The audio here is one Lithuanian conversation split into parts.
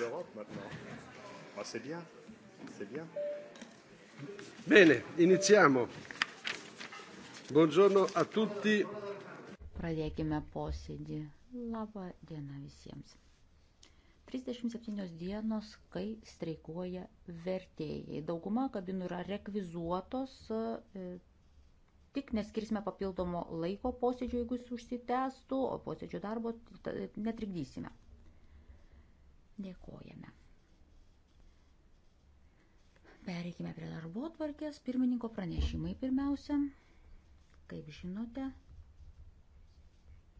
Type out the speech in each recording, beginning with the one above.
l'Europe maintenant. Ah, c'est bien, c'est bien. Bene, iniziamo. Buongiorno a tutti. Pradėkime posėdį. Labą dieną visiems. 37 dienos, kai streikuoja vertėjai. Dauguma kabinų yra rekvizuotos. E, tik neskirsime papildomo laiko posėdžio, jeigu jis užsitęstų, o posėdžio darbo netrikdysime. Dėkojame. Pereikime prie darbo tvarkės. Pirmininko pranešimai pirmiausia. Kaip žinote,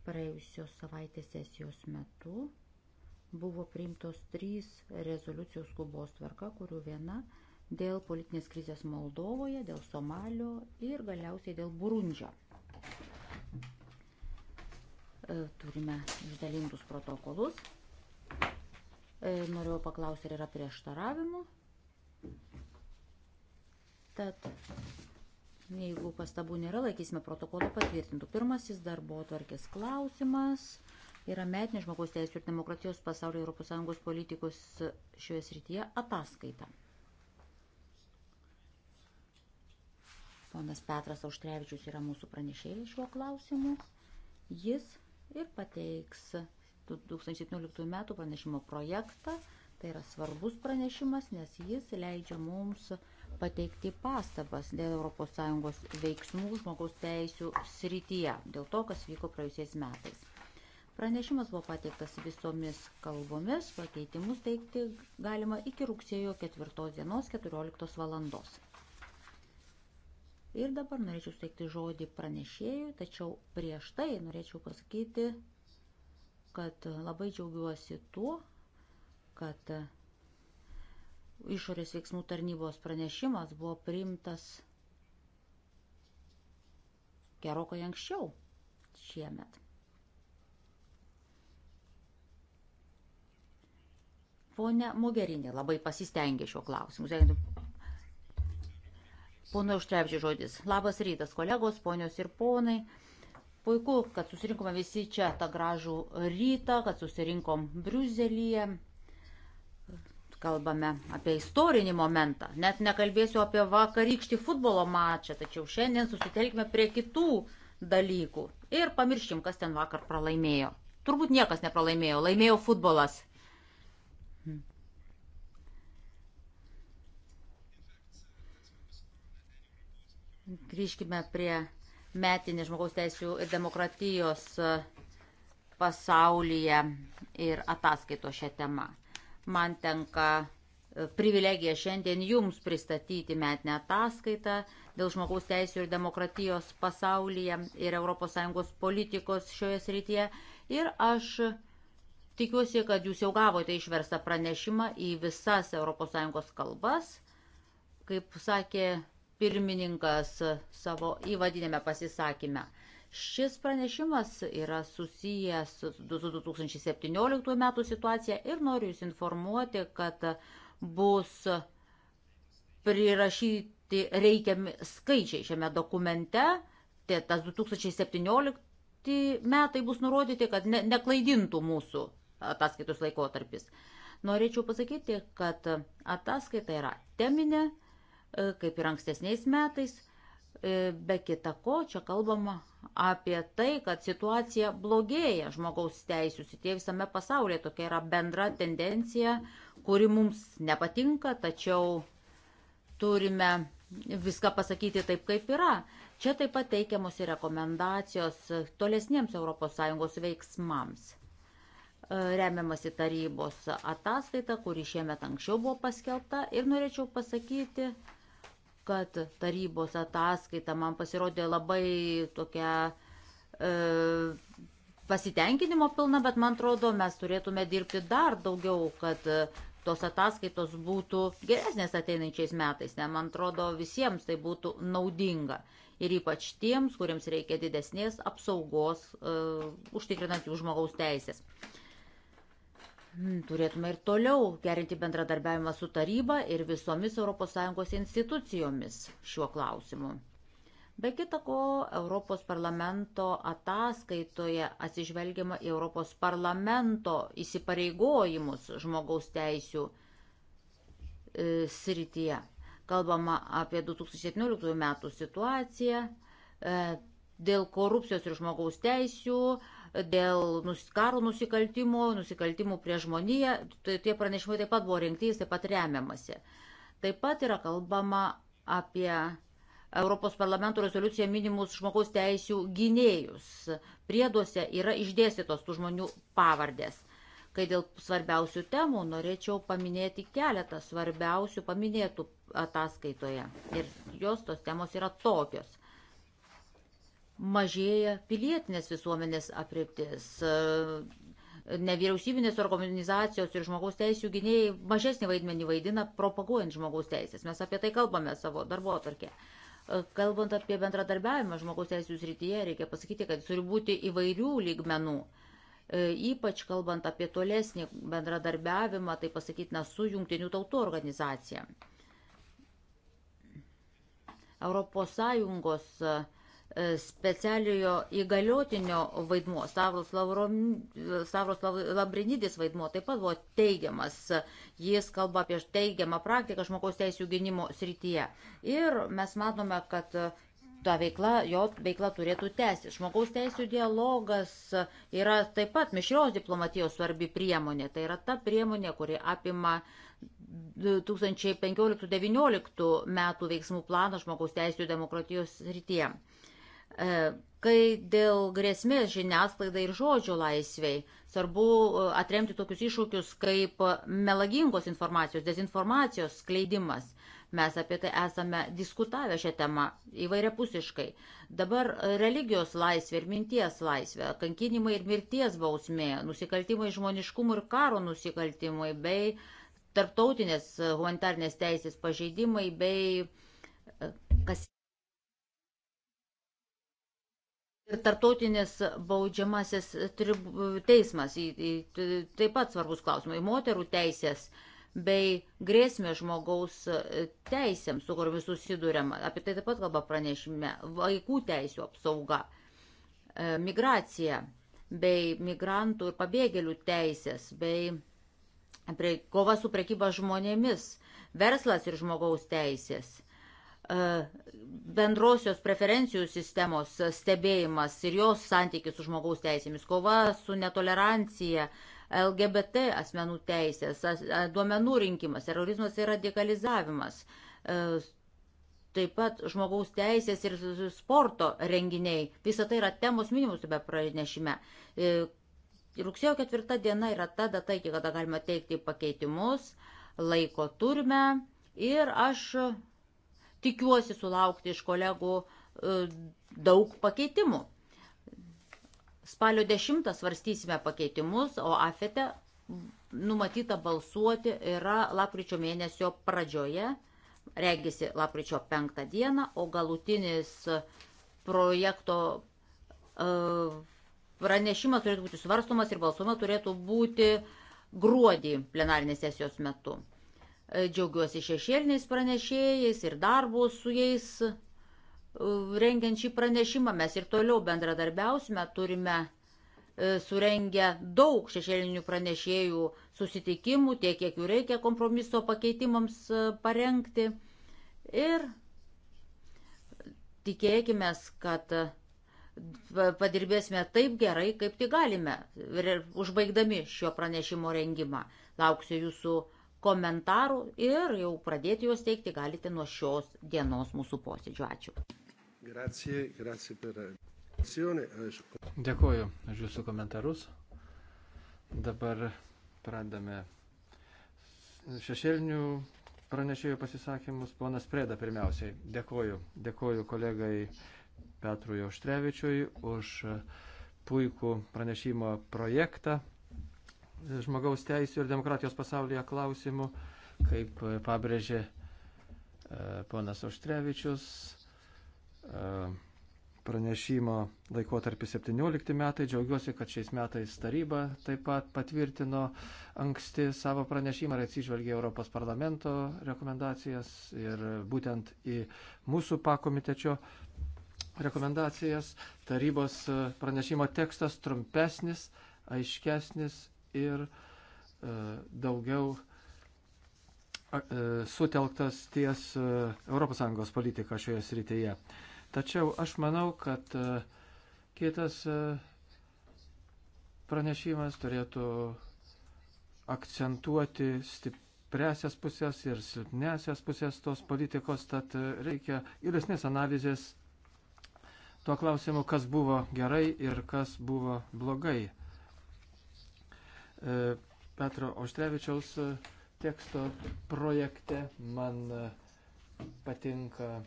praėjusios savaitės sesijos metu buvo priimtos trys rezoliucijos skubos tvarka, kurių viena dėl politinės krizės Moldovoje, dėl Somalio ir galiausiai dėl Burundžio. E, turime išdalintus protokolus. E, norėjau paklausti, ar yra prieštaravimų. Tad, jeigu pastabų nėra, laikysime protokolą patvirtintų. Pirmasis darbo tvarkės klausimas yra metinė žmogaus teisų ir demokratijos pasaulio ES politikos šioje srityje ataskaita. Ponas Petras Auštrevičius yra mūsų pranešėjas šiuo klausimu. Jis ir pateiks 2017 metų pranešimo projektą. Tai yra svarbus pranešimas, nes jis leidžia mums pateikti pastabas dėl ES veiksmų žmogaus teisų srityje, dėl to, kas vyko praėjusiais metais. Pranešimas buvo pateiktas visomis kalbomis, pakeitimus teikti galima iki rugsėjo 4 dienos 14 valandos. Ir dabar norėčiau steigti žodį pranešėjui, tačiau prieš tai norėčiau pasakyti kad labai džiaugiuosi tuo, kad išorės veiksmų tarnybos pranešimas buvo priimtas gerokai anksčiau šiemet. Pone Mogerinė labai pasistengė šio klausimu. Pono Užtrepčiai žodis. Labas rytas, kolegos, ponios ir ponai. Puiku, kad susirinkome visi čia tą gražų rytą, kad susirinkom Briuzelyje. Kalbame apie istorinį momentą. Net nekalbėsiu apie vakarykštį futbolo mačą, tačiau šiandien susitelkime prie kitų dalykų. Ir pamirškim, kas ten vakar pralaimėjo. Turbūt niekas nepralaimėjo, laimėjo futbolas. Grįžkime prie metinį žmogaus teisų ir demokratijos e, pasaulyje ir ataskaito šią temą. Man tenka e, privilegija šiandien jums pristatyti metinę ataskaitą dėl žmogaus teisų ir demokratijos pasaulyje ir ES politikos šioje srityje. Ir aš tikiuosi, kad jūs jau gavote išverstą pranešimą į visas ES kalbas. Kaip sakė pirmininkas savo įvadinėme pasisakyme. Šis pranešimas yra susijęs su 2017 metų situacija ir noriu Jūs informuoti, kad bus prirašyti reikiami skaičiai šiame dokumente. Tai tas 2017 metai bus nurodyti, kad ne, neklaidintų mūsų ataskaitos laikotarpis. Norėčiau pasakyti, kad ataskaita yra teminė E, kaip ir ankstesniais metais. E, be kita ko, čia kalbama apie tai, kad situacija blogėja žmogaus teisų sitie visame pasaulyje. Tokia yra bendra tendencija, kuri mums nepatinka, tačiau turime viską pasakyti taip, kaip yra. Čia taip pat teikiamos ir rekomendacijos tolesniems ES veiksmams. E, remiamasi tarybos ataskaita, kuri šiemet anksčiau buvo paskelbta ir norėčiau pasakyti, kad tarybos ataskaita man pasirodė labai tokia e, pasitenkinimo pilna, bet man atrodo, mes turėtume dirbti dar daugiau, kad e, tos ataskaitos būtų geresnės ateinančiais metais, nes man atrodo visiems tai būtų naudinga. Ir ypač tiems, kuriems reikia didesnės apsaugos, uh, e, užtikrinant jų žmogaus teisės. Uh, turėtume ir toliau gerinti bendradarbiavimą su taryba ir visomis ES institucijomis šiuo klausimu. Be kita ko, Europos parlamento ataskaitoje atsižvelgiama į Europos parlamento įsipareigojimus žmogaus teisių e, srityje. Kalbama apie 2017 metų situaciją e, dėl korupcijos ir žmogaus teisių dėl karo nusikaltimų, nusikaltimų prie žmoniją. Tai tie pranešimai taip pat buvo rinkti, jis taip pat remiamasi. Taip pat yra kalbama apie Europos parlamento rezoliuciją minimus žmogaus teisių gynėjus. Prieduose yra išdėstytos tų žmonių pavardės. Kai dėl svarbiausių temų norėčiau paminėti keletą svarbiausių paminėtų ataskaitoje. Ir jos tos temos yra tokios mažėja pilietinės visuomenės apriptis. E, nevyriausybinės organizacijos ir žmogaus teisų gynėjai mažesnį vaidmenį vaidina propaguojant žmogaus teisės. Mes apie tai kalbame savo darbo atvarkė. E, kalbant apie bendradarbiavimą žmogaus teisų srityje, reikia pasakyti, kad turi būti įvairių lygmenų. E, ypač kalbant apie tolesnį bendradarbiavimą, tai pasakytina su jungtinių tautų organizacija. Europos Sąjungos uh, E, specialiojo įgaliotinio vaidmuo, Stavros, Laurom, Stavros Labrinidis vaidmuo taip pat buvo teigiamas. Jis kalba apie teigiamą praktiką žmogaus teisų gynimo srityje. Ir mes matome, kad ta veikla, jo veikla turėtų tęsti. Žmogaus teisų dialogas yra taip pat mišrios diplomatijos svarbi priemonė. Tai yra ta priemonė, kuri apima 2015-2019 metų veiksmų planą žmogaus teisų demokratijos rytyje. E, kai dėl grėsmės žiniasklaidai ir žodžio laisviai, svarbu e, atremti tokius iššūkius kaip melagingos informacijos, dezinformacijos skleidimas. Mes apie tai esame diskutavę šią temą įvairiapusiškai. Dabar religijos laisvė ir minties laisvė, kankinimai ir mirties bausmė, nusikaltimai žmoniškumui ir karo nusikaltimai bei tarptautinės humanitarnės teisės pažeidimai bei e, kas Tartautinis baudžiamasis teismas, taip pat svarbus klausimai, moterų teisės bei grėsmė žmogaus teisėms, su kuriomis susidurėm, apie tai taip pat kalba pranešime, vaikų teisų apsauga, e, migracija bei migrantų ir pabėgėlių teisės bei kova su prekyba žmonėmis, verslas ir žmogaus teisės E, bendrosios preferencijų sistemos stebėjimas ir jos santykis su žmogaus teisėmis, kova su netolerancija, LGBT asmenų teisės, duomenų rinkimas, terorizmas ir radikalizavimas, e, taip pat žmogaus teisės ir sporto renginiai. Visa tai yra temos minimus be pranešime. E, rugsėjo ketvirta diena yra ta data, iki kada galima teikti pakeitimus, laiko turime ir aš tikiuosi sulaukti iš kolegų e, daug pakeitimų. Spalio 10 svarstysime pakeitimus, o afete numatyta balsuoti yra lapkričio mėnesio pradžioje, regisi lapkričio 5 dieną, o galutinis projekto e, pranešimas turėtų būti svarstomas ir balsuoma turėtų būti gruodį plenarinės sesijos metu. E, džiaugiuosi šešėliniais pranešėjais ir darbu su jais e, rengiant šį pranešimą. Mes ir toliau bendradarbiausime, turime e, surengę daug šešėlinių pranešėjų susitikimų, tiek kiek jų reikia kompromiso pakeitimams parengti. Ir tikėkime, kad padirbėsime taip gerai, kaip tik galime, užbaigdami šio pranešimo rengimą. Lauksiu jūsų komentarų ir jau pradėti juos teikti galite nuo šios dienos mūsų posėdžio. Ačiū. Grazie, grazie per... Dėkuoju už Jūsų komentarus. Dabar pradame šešėlinių pranešėjų pasisakymus. Ponas Prėda pirmiausiai. Dėkuoju. Dėkuoju kolegai Petrui Oštrevičiui už puikų pranešimo projektą žmogaus teisų ir demokratijos pasaulyje klausimų, kaip pabrėžė e, ponas Oštrevičius. E, pranešimo laikotarpį 17 metai. Džiaugiuosi, kad šiais metais taryba taip pat patvirtino anksti savo pranešimą ir atsižvelgė Europos parlamento rekomendacijas ir būtent į mūsų pakomitečio rekomendacijas. Tarybos e, pranešimo tekstas trumpesnis, aiškesnis ir e, daugiau e, sutelktas ties ES politika šioje srityje. Tačiau aš manau, kad e, kitas pranešimas turėtų akcentuoti stipresias pusės ir silpnesias pusės tos politikos, tad reikia ilesnės analizės tuo klausimu, kas buvo gerai ir kas buvo blogai. E, Petro Oštrevičiaus e, teksto projekte. Man e, patinka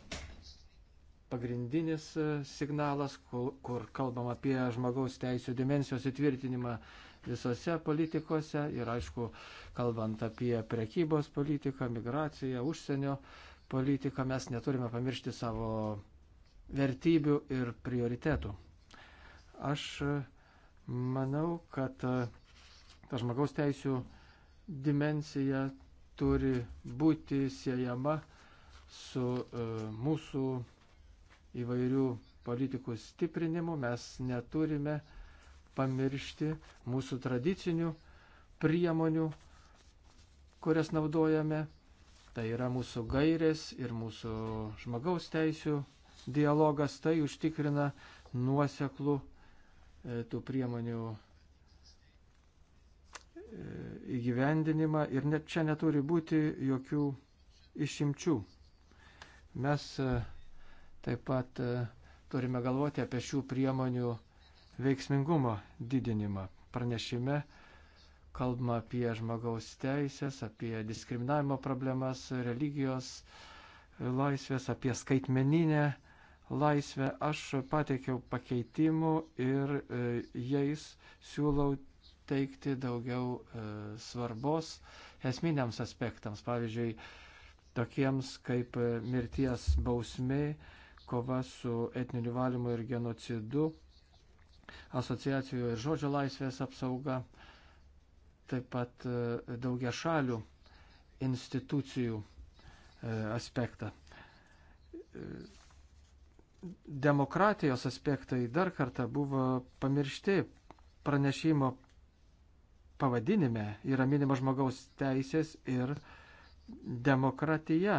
pagrindinis signalas, kur, kur kalbam apie žmogaus teisų dimensijos įtvirtinimą visose politikose ir aišku, kalbant apie prekybos politiką, migraciją, užsienio politiką, mes neturime pamiršti savo vertybių ir prioritetų. Aš manau, kad ta žmogaus teisų dimensija turi būti siejama su e, mūsų įvairių politikų stiprinimu. Mes neturime pamiršti mūsų tradicinių priemonių, kurias naudojame. Tai yra mūsų gairės ir mūsų žmogaus teisų dialogas. Tai užtikrina nuoseklų e, tų priemonių įgyvendinimą ir net čia neturi būti jokių išimčių. Mes e, taip pat e, turime galvoti apie šių priemonių veiksmingumo didinimą. Pranešime kalbama apie žmogaus teisės, apie diskriminavimo problemas, religijos e, laisvės, apie skaitmeninę laisvę. Aš pateikiau pakeitimų ir jais siūlau teikti daugiau e, svarbos esminiams aspektams, pavyzdžiui, tokiems kaip e, mirties bausmė, kova su etniniu valymu ir genocidu, asociacijų ir žodžio laisvės apsauga, taip pat e, daugia šalių institucijų e, aspektą. E, demokratijos aspektai dar kartą buvo pamiršti pranešimo pavadinime yra minima žmogaus teisės ir demokratija.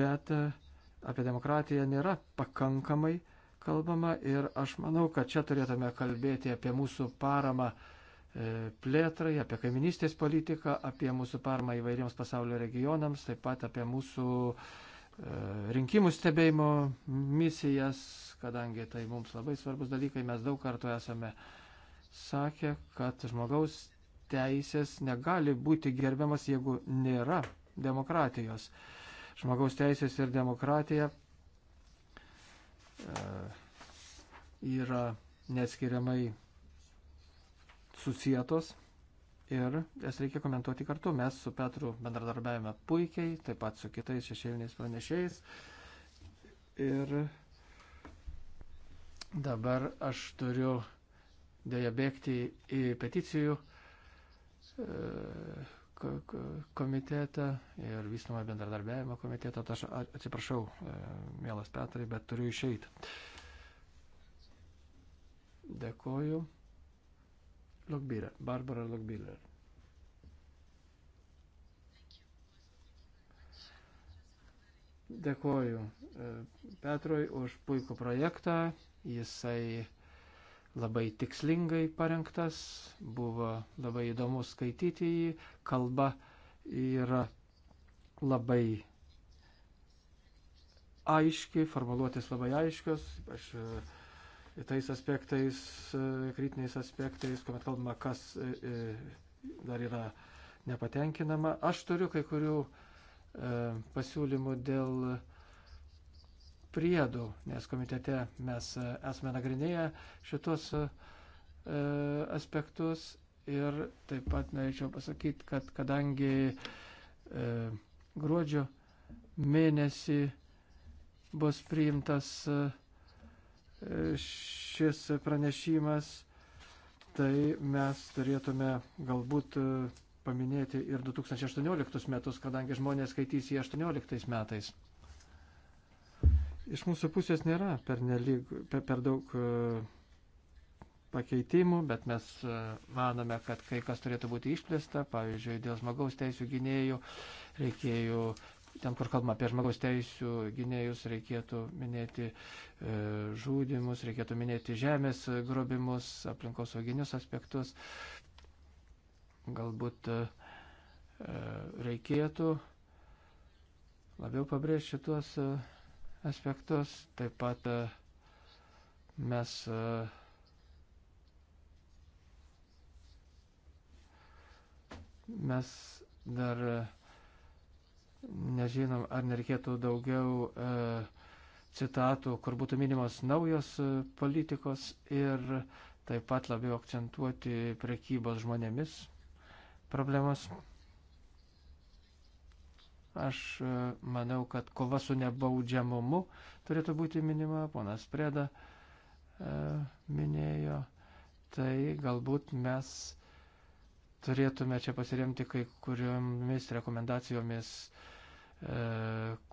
Bet e, apie demokratiją nėra pakankamai kalbama ir aš manau, kad čia turėtume kalbėti apie mūsų paramą e, plėtrai, apie kaiminystės politiką, apie mūsų paramą įvairiems pasaulio regionams, taip pat apie mūsų e, rinkimų stebėjimo misijas, kadangi tai mums labai svarbus dalykai, mes daug kartų esame uh, sakė, kad žmogaus teisės negali būti gerbiamas, jeigu nėra demokratijos. Žmogaus teisės ir demokratija e, yra neskiriamai susijėtos ir jas reikia komentuoti kartu. Mes su Petru bendradarbiavime puikiai, taip pat su kitais šešėliniais pranešėjais. Ir dabar aš turiu dėja bėgti į peticijų e, komitetą ir vystomą bendradarbiavimo komitetą. Aš atsiprašau, e, mielas Petrai, bet turiu išeiti. Dėkoju. Lokbyrė. Barbara Lokbyrė. Dėkoju e, Petrui už puikų projektą. Jisai labai tikslingai parengtas, buvo labai įdomu skaityti jį, kalba yra labai aiški, formuluotės labai aiškios, ypač e, tais aspektais, e, kritiniais aspektais, kuomet kalbama, kas e, dar yra nepatenkinama. Aš turiu kai kurių pasiūlymų dėl priedų, nes komitete mes e, esame nagrinėję šitos e, aspektus ir taip pat norėčiau pasakyti, kad kadangi e, gruodžio mėnesį bus priimtas šis pranešimas, tai mes turėtume galbūt paminėti ir 2018 metus, kadangi žmonės skaitys jį 2018 metais iš mūsų pusės nėra per, nelyg, per, per daug e, pakeitimų, bet mes e, manome, kad kai kas turėtų būti išplėsta, pavyzdžiui, dėl žmogaus teisų gynėjų reikėjo, ten kur kalbama apie žmogaus teisų gynėjus, reikėtų minėti e, žūdimus, reikėtų minėti žemės grobimus, aplinkosauginius aspektus. Galbūt e, reikėtų labiau pabrėžti tuos. E, aspektus. Taip pat e, mes e, mes dar e, nežinom, ar nereikėtų daugiau e, citatų, kur būtų minimos naujos politikos ir taip pat labiau akcentuoti prekybos žmonėmis problemas. Aš e, manau, kad kova su nebaudžiamumu turėtų būti minima, ponas Preda e, minėjo, tai galbūt mes turėtume čia pasiremti kai kuriomis rekomendacijomis, e,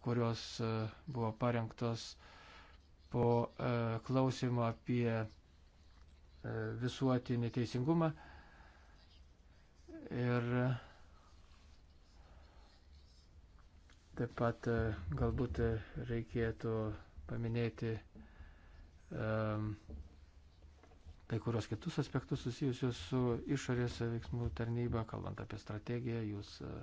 kurios e, buvo parengtos po e, klausimo apie e, visuotinį teisingumą. Ir e, Taip pat e, galbūt e, reikėtų paminėti um, kai kurios kitus aspektus susijusius su išorės veiksmų tarnyba, kalbant apie strategiją, jūs uh,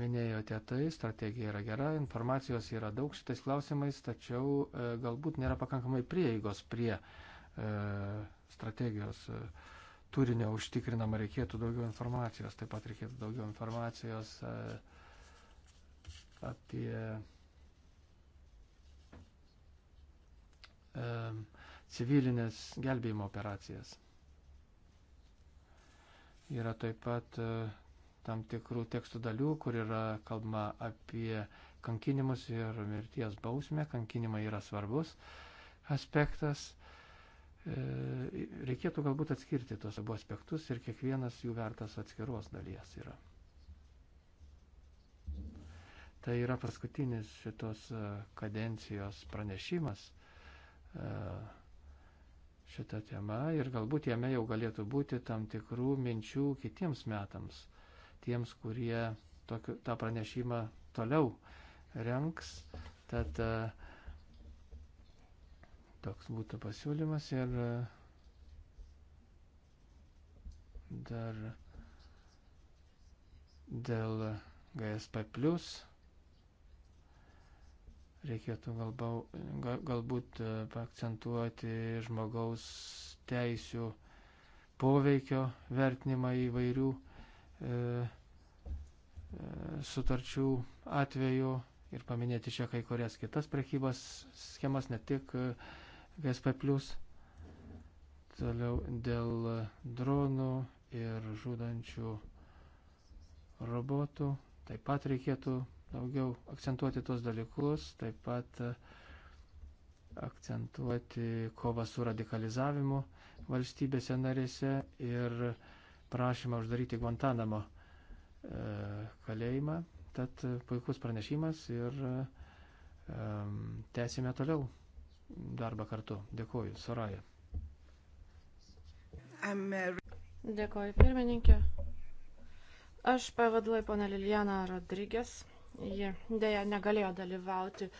minėjote tai, strategija yra gera, informacijos yra daug šitais klausimais, tačiau uh, galbūt nėra pakankamai prieigos prie uh, strategijos. Uh, turinio užtikrinama, reikėtų daugiau informacijos, taip pat reikėtų daugiau informacijos e, apie e, civilinės gelbėjimo operacijas. Yra taip pat e, tam tikrų tekstų dalių, kur yra kalbama apie kankinimus ir mirties bausmę. Kankinimai yra svarbus aspektas. E, reikėtų galbūt atskirti tos abu aspektus ir kiekvienas jų vertas atskiros dalies yra. Tai yra paskutinis šitos e, kadencijos pranešimas e, šitą temą ir galbūt jame jau galėtų būti tam tikrų minčių kitiems metams, tiems, kurie tokiu, tą pranešimą toliau renks. Tad uh, Toks būtų pasiūlymas ir e, dar dėl GSP plus reikėtų galbau, galbūt e, akcentuoti žmogaus teisių poveikio vertinimą įvairių e, e, sutarčių atveju ir paminėti čia kai kurias kitas prekybos schemas, ne tik e, GSP. Toliau dėl dronų ir žudančių robotų. Taip pat reikėtų daugiau akcentuoti tos dalykus, taip pat e, akcentuoti kovą su radikalizavimu valstybėse narėse ir prašymą uždaryti Guantanamo e, kalėjimą. Tad puikus pranešimas ir um, tęsime toliau darbą kartu. Dėkuoju, Soraja. Uh, Dėkuoju, pirmininkė. Aš pavaduoju ponę Lilianą Rodrygės. Ji dėja negalėjo dalyvauti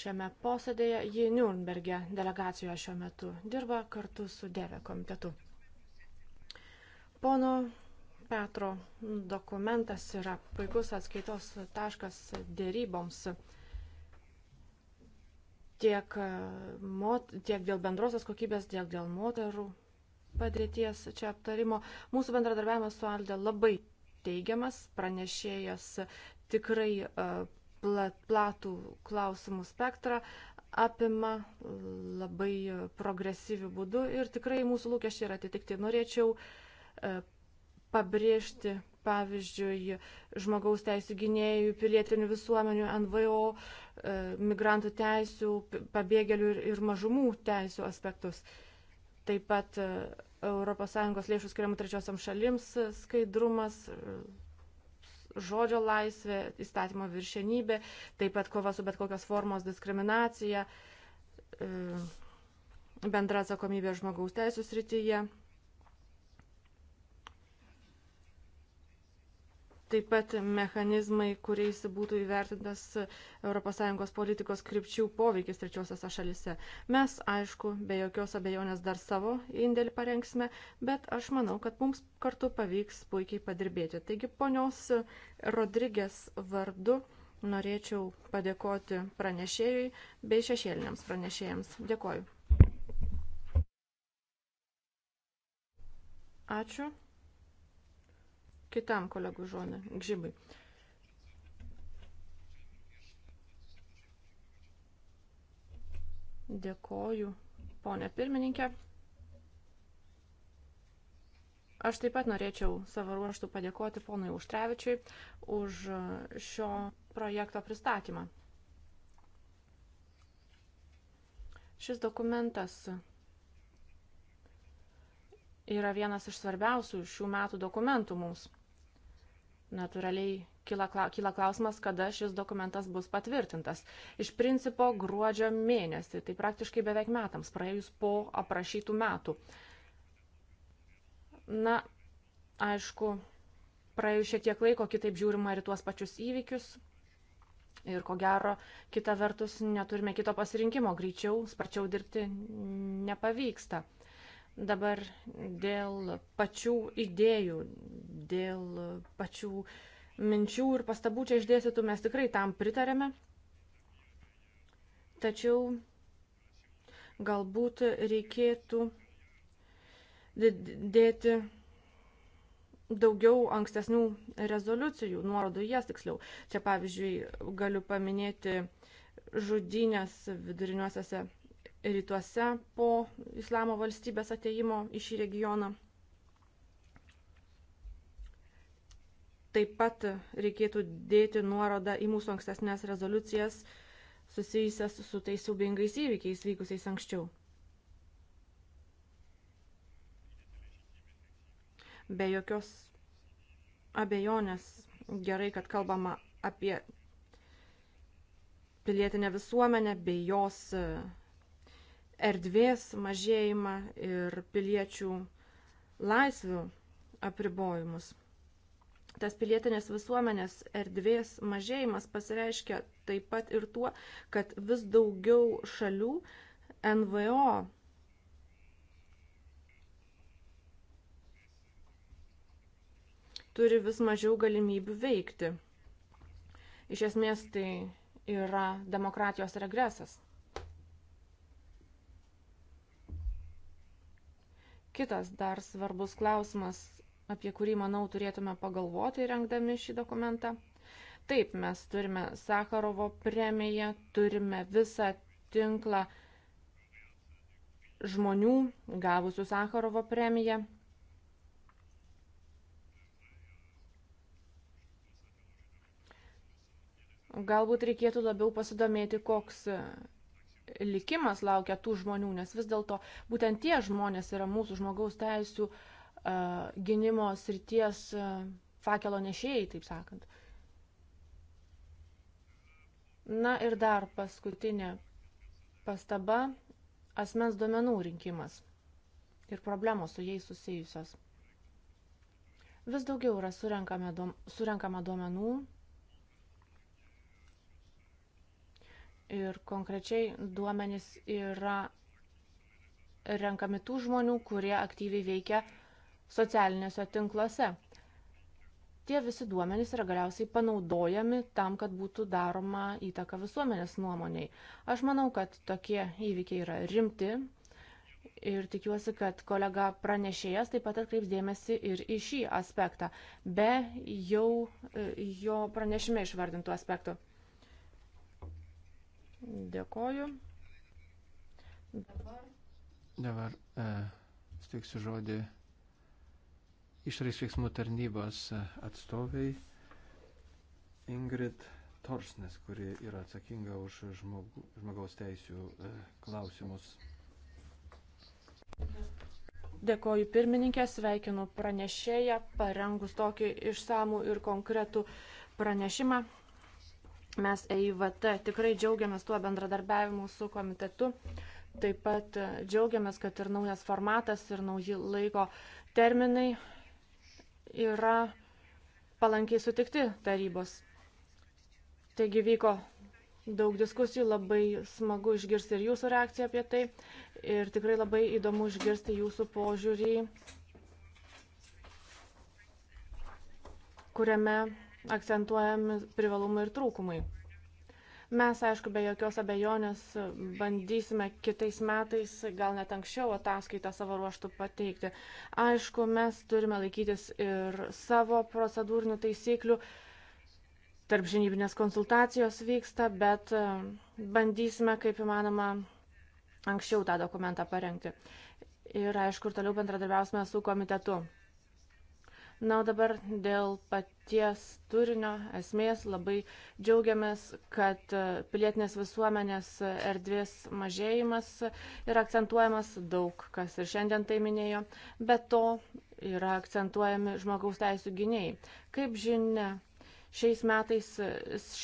šiame posėdėje. Ji Nürnberge delegacijoje šiuo metu dirba kartu su Dėvė komitetu. Pono Petro dokumentas yra puikus atskaitos taškas dėryboms tiek, e, mot, tiek dėl bendrosios kokybės, tiek dėl moterų padėties čia aptarimo. Mūsų bendradarbiavimas su Alde labai teigiamas, pranešėjas tikrai e, platų klausimų spektrą apima labai progresyvių būdų ir tikrai mūsų lūkesčiai yra atitikti. Norėčiau e, pabrėžti pavyzdžiui, žmogaus teisų gynėjų, pilietinių visuomenių, NVO, e, migrantų teisų, pabėgėlių ir mažumų teisų aspektus. Taip pat ES lėšų skiriamų trečiosiam šalims e, skaidrumas, e, žodžio laisvė, įstatymo viršenybė, taip pat kova su bet kokios formos diskriminacija, bendra atsakomybė žmogaus teisų srityje. taip pat mechanizmai, kuriais būtų įvertintas ES politikos krypčių poveikis trečiosiose šalise. Mes, aišku, be jokios abejonės dar savo indėlį parengsime, bet aš manau, kad mums kartu pavyks puikiai padirbėti. Taigi, ponios Rodrygės vardu norėčiau padėkoti pranešėjui bei šešėliniams pranešėjams. Dėkoju. Ačiū kitam kolegų žonė, gžybai. Dėkoju, ponė pirmininkė. Aš taip pat norėčiau savo ruoštų padėkoti ponui Užtrevičiui už šio projekto pristatymą. Šis dokumentas yra vienas iš svarbiausių šių metų dokumentų mums. Natūraliai kyla, kyla klausimas, kada šis dokumentas bus patvirtintas. Iš principo gruodžio mėnesį, tai praktiškai beveik metams, praėjus po aprašytų metų. Na, aišku, praėjus šiek tiek laiko kitaip žiūrima ir tuos pačius įvykius. Ir ko gero, kita vertus, neturime kito pasirinkimo, greičiau, sparčiau dirbti nepavyksta. Dabar dėl pačių idėjų, dėl pačių minčių ir pastabų čia išdėstytų mes tikrai tam pritarėme. Tačiau galbūt reikėtų dėti daugiau ankstesnių rezoliucijų, nuorodų jas tiksliau. Čia pavyzdžiui galiu paminėti žudynės viduriniuosiuose rytuose po islamo valstybės ateimo į šį regioną. Taip pat reikėtų dėti nuorodą į mūsų ankstesnės rezoliucijas susijusias su tais siubingais įvykiais vykusiais anksčiau. Be jokios abejonės gerai, kad kalbama apie pilietinę visuomenę bei jos erdvės mažėjimą ir piliečių laisvių apribojimus. Tas pilietinės visuomenės erdvės mažėjimas pasireiškia taip pat ir tuo, kad vis daugiau šalių NVO turi vis mažiau galimybių veikti. Iš esmės tai yra demokratijos regresas. Kitas dar svarbus klausimas, apie kurį, manau, turėtume pagalvoti rengdami šį dokumentą. Taip, mes turime Sakarovo premiją, turime visą tinklą žmonių gavusių Sakarovo premiją. Galbūt reikėtų labiau pasidomėti, koks likimas laukia tų žmonių, nes vis dėlto būtent tie žmonės yra mūsų žmogaus teisų uh, gynimo srities uh, fakelo nešėjai, taip sakant. Na ir dar paskutinė pastaba - asmens duomenų rinkimas ir problemos su jais susijusios. Vis daugiau yra surenkama duomenų Ir konkrečiai duomenys yra renkami tų žmonių, kurie aktyviai veikia socialiniuose tinkluose. Tie visi duomenys yra galiausiai panaudojami tam, kad būtų daroma įtaka visuomenės nuomoniai. Aš manau, kad tokie įvykiai yra rimti ir tikiuosi, kad kolega pranešėjas taip pat atkreips dėmesį ir į šį aspektą, be jau e, jo pranešime išvardintų aspektų. Dėkoju. Dabar. Dabar e, steiksiu žodį išraiškiksmų tarnybos e, atstoviai Ingrid Torsnes, kuri yra atsakinga už žmogu, žmogaus teisų e, klausimus. Dėkoju pirmininkė, sveikinu pranešėją, parengus tokį išsamų ir konkretų pranešimą. Mes EIVT tikrai džiaugiamės tuo bendradarbiavimu su komitetu. Taip pat e, džiaugiamės, kad ir naujas formatas, ir nauji laiko terminai yra palankiai sutikti tarybos. Taigi vyko daug diskusijų, labai smagu išgirsti ir jūsų reakciją apie tai. Ir tikrai labai įdomu išgirsti jūsų požiūrį, kuriame akcentuojami privalumai ir trūkumai. Mes, aišku, be jokios abejonės bandysime kitais metais, gal net anksčiau, ataskaitą savo ruoštų pateikti. Aišku, mes turime laikytis ir savo procedūrinių taisyklių. Tarp žinybinės konsultacijos vyksta, bet e, bandysime, kaip įmanoma, anksčiau tą dokumentą parengti. Ir, aišku, ir toliau bendradarbiausime su komitetu. Na, o dabar dėl paties turinio esmės labai džiaugiamės, kad e, pilietinės visuomenės erdvės mažėjimas yra akcentuojamas daug, kas ir šiandien tai minėjo, bet to yra akcentuojami žmogaus teisų gyniai. Kaip žinia, šiais metais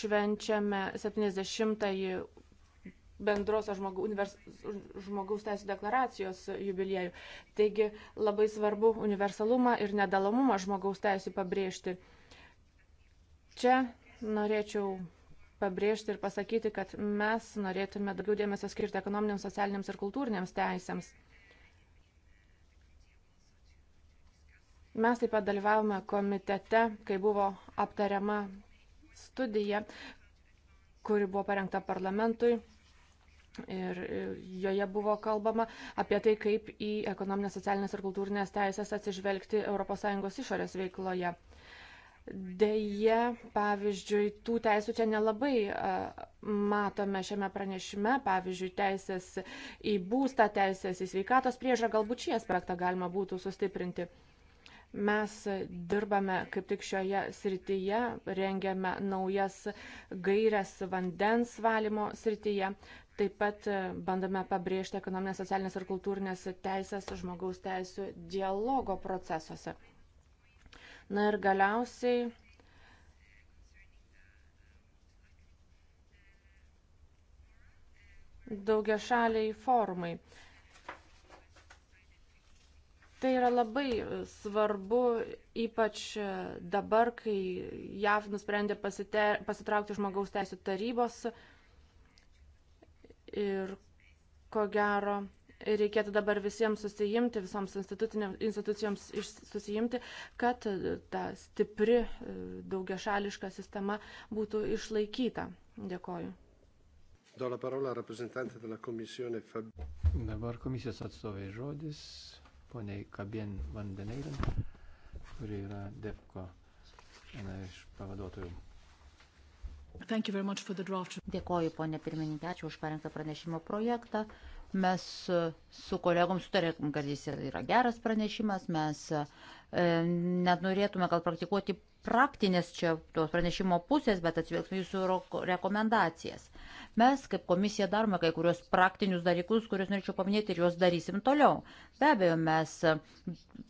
švenčiame 70-ąjį bendrosios žmogu, univers, žmogaus teisų deklaracijos jubiliejų. Taigi labai svarbu universalumą ir nedalomumą žmogaus teisų pabrėžti. Čia norėčiau pabrėžti ir pasakyti, kad mes norėtume daugiau dėmesio skirti ekonominiams, socialiniams ir kultūriniams teisėms. Mes taip pat dalyvavome komitete, kai buvo aptariama studija, kuri buvo parengta parlamentui Ir e, joje buvo kalbama apie tai, kaip į ekonominės, socialinės ir kultūrinės teisės atsižvelgti ES išorės veikloje. Deja, pavyzdžiui, tų teisų čia nelabai matome šiame pranešime, pavyzdžiui, teisės į būstą, teisės į sveikatos priežą, galbūt šį aspektą galima būtų sustiprinti. Mes dirbame kaip tik šioje srityje, rengiame naujas gairias vandens valymo srityje. Taip pat e, bandome pabrėžti ekonominės, socialinės ir kultūrinės teisės žmogaus teisų dialogo procesuose. Na ir galiausiai daugia šaliai formai. Tai yra labai svarbu, ypač e, dabar, kai JAV nusprendė pasitraukti žmogaus teisų tarybos tarybos Ir ko gero, reikėtų dabar visiems susijimti, visoms institucijoms susijimti, kad ta stipri e, daugiašališka sistema būtų išlaikyta. Dėkoju. Dabar komisijos atstovai žodis, poniai Kabien Vandeneirin, kuri yra DEFCO viena iš pavaduotojų. Dėkoju, ponė pirmininkė, ačiū už parengtą pranešimo projektą. Mes e, su kolegom sutarėm, kad jis yra geras pranešimas, mes e, net norėtume gal praktikuoti praktinės čia tos pranešimo pusės, bet atsvilgsime jūsų rekomendacijas. Mes kaip komisija darome kai kurios praktinius dalykus, kuriuos norėčiau paminėti ir juos darysim toliau. Be abejo, mes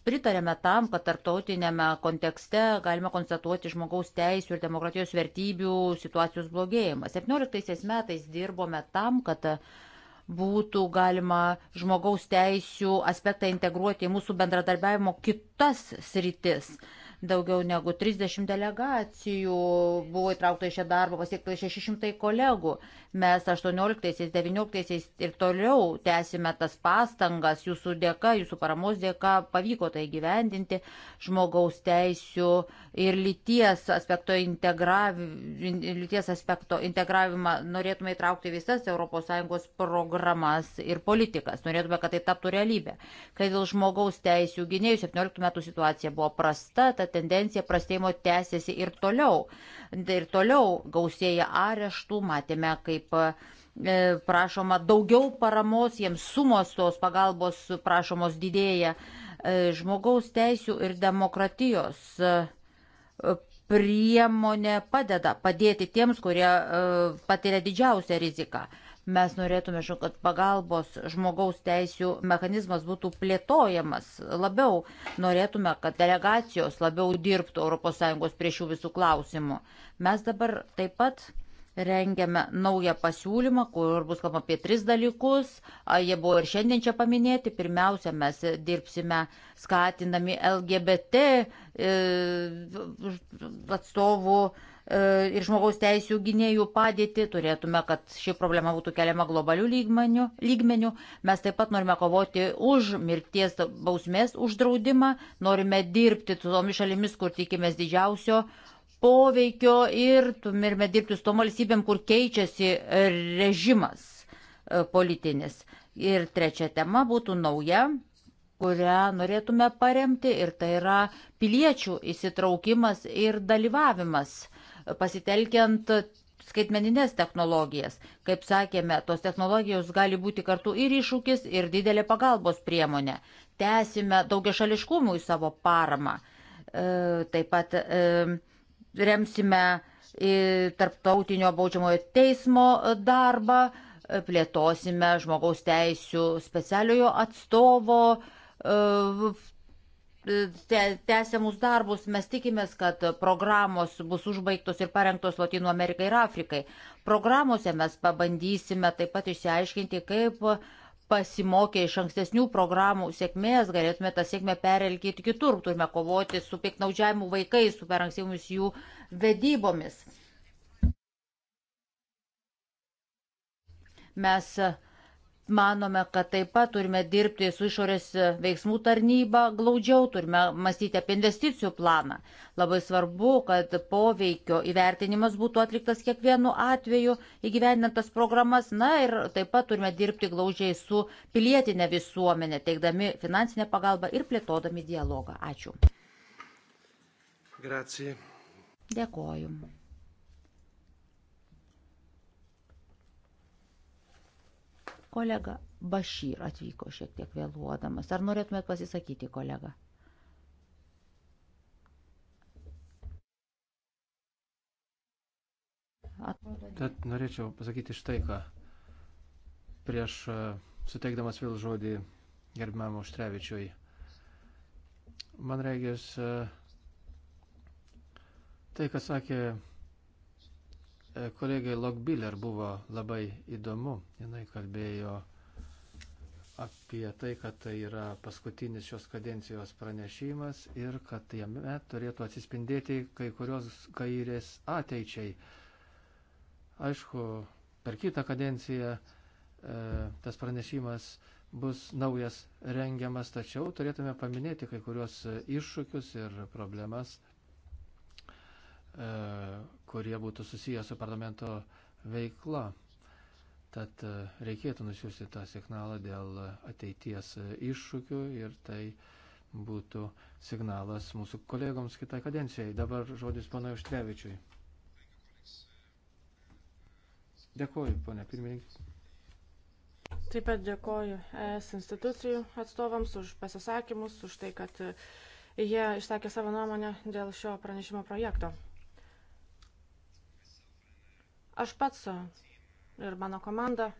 pritarėme tam, kad tarptautinėme kontekste galime konstatuoti žmogaus teisų ir demokratijos vertybių situacijos blogėjimą. 17 metais dirbome tam, kad būtų galima žmogaus teisų aspektą integruoti į mūsų bendradarbiavimo kitas sritis. Daugiau negu 30 delegacijų buvo įtraukta į šią darbą, pasiekta 600 kolegų. Mes 18, 19 ir toliau tęsime tas pastangas. Jūsų dėka, jūsų paramos dėka pavyko tai gyvendinti. Žmogaus teisų ir lyties aspekto, integravi, lyties aspekto integravimą norėtume įtraukti visas ES programas ir politikas. Norėtume, kad tai taptų realybė. Kai dėl žmogaus teisų gynėjų 17 metų situacija buvo prasta, tad tendencija prastėjimo tęsiasi ir toliau. Ir toliau gausėja areštų, matėme, kaip e, prašoma daugiau paramos, jiems sumos tos pagalbos prašomos didėja. E, žmogaus teisų ir demokratijos e, priemonė padeda padėti tiems, kurie patiria didžiausią riziką. Mes norėtume, kad pagalbos žmogaus teisų mechanizmas būtų plėtojamas labiau. Norėtume, kad delegacijos labiau dirbtų ES prie šių visų klausimų. Mes dabar taip pat rengiame naują pasiūlymą, kur bus kalbama apie tris dalykus. Jie buvo ir šiandien čia paminėti. Pirmiausia, mes dirbsime skatindami LGBT e, atstovų E, ir žmogaus teisų gynėjų padėtį, turėtume, kad ši problema būtų keliama globalių lygmenių. lygmenių. Mes taip pat norime kovoti už mirties bausmės uždraudimą, norime dirbti su tomis šalimis, kur tikimės didžiausio poveikio ir turime dirbti su tom valstybėm, kur keičiasi režimas e, politinis. Ir trečia tema būtų nauja kurią norėtume paremti ir tai yra piliečių įsitraukimas ir dalyvavimas pasitelkiant skaitmeninės technologijas. Kaip sakėme, tos technologijos gali būti kartu ir iššūkis, ir didelė pagalbos priemonė. Tęsime daugia šališkumui savo paramą. E, taip pat e, remsime tarptautinio baudžiamojo teismo darbą, e, plėtosime žmogaus teisų specialiojo atstovo tęsiamus darbus. Mes tikimės, kad programos bus užbaigtos ir parengtos Latino Amerikai ir Afrikai. Programuose mes pabandysime taip pat išsiaiškinti, kaip pasimokę iš ankstesnių programų sėkmės galėtume tą sėkmę perelgyti kitur. Turime kovoti su piknaudžiavimu vaikais, su perankstymus jų vedybomis. Mes uh, Manome, kad taip pat turime dirbti su išorės veiksmų tarnyba glaudžiau, turime mąstyti apie investicijų planą. Labai svarbu, kad poveikio įvertinimas būtų atliktas kiekvienu atveju įgyvendintas programas. Na ir taip pat turime dirbti glaudžiai su pilietinė visuomenė, teikdami finansinę pagalbą ir plėtodami dialogą. Ačiū. Grazie. Dėkoju. Kolega Bašyr atvyko šiek tiek vėluodamas. Ar norėtumėt pasisakyti, kolega? Atrodo, Tad norėčiau pasakyti štai ką. Prieš e, suteikdamas vėl žodį gerbiamam Užtrevičiui. Man reikės e, tai, ką sakė E, kolegai Lokbiller buvo labai įdomu. Jinai kalbėjo apie tai, kad tai yra paskutinis šios kadencijos pranešimas ir kad jame turėtų atsispindėti kai kurios kairės ateičiai. Aišku, per kitą kadenciją e, tas pranešimas bus naujas rengiamas, tačiau turėtume paminėti kai kurios iššūkius ir problemas E, kurie būtų susiję su parlamento veikla. Tad e, reikėtų nusiųsti tą signalą dėl ateities iššūkių ir tai būtų signalas mūsų kolegoms kitai kadencijai. Dabar žodis pana Užtrevičiui. Dėkuoju, ponia pirmininkė. Taip pat dėkoju ES institucijų atstovams už pasisakymus, už tai, kad jie išsakė savo nuomonę dėl šio pranešimo projekto. Aš pats ir mano komanda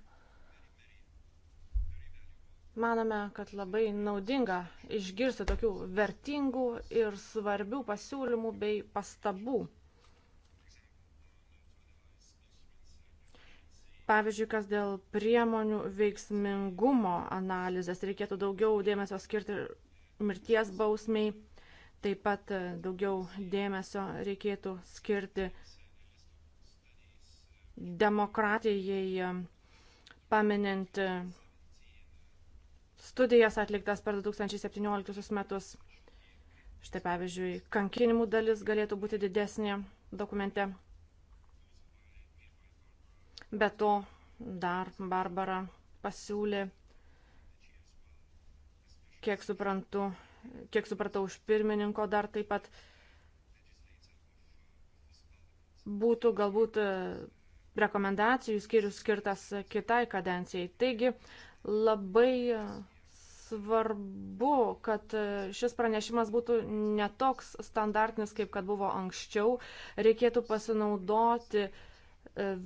manome, kad labai naudinga išgirsti tokių vertingų ir svarbių pasiūlymų bei pastabų. pavyzdžiui, kas dėl priemonių veiksmingumo analizės reikėtų daugiau dėmesio skirti mirties bausmiai, taip pat daugiau dėmesio reikėtų skirti demokratijai paminint studijas atliktas per 2017 metus. Štai pavyzdžiui, kankinimų dalis galėtų būti didesnė dokumente. Be to, dar Barbara pasiūlė, kiek suprantu, kiek supratau iš pirmininko dar taip pat, būtų galbūt rekomendacijų skyrius skirtas kitai kadencijai. Taigi labai svarbu, kad šis pranešimas būtų netoks standartinis, kaip kad buvo anksčiau. Reikėtų pasinaudoti e,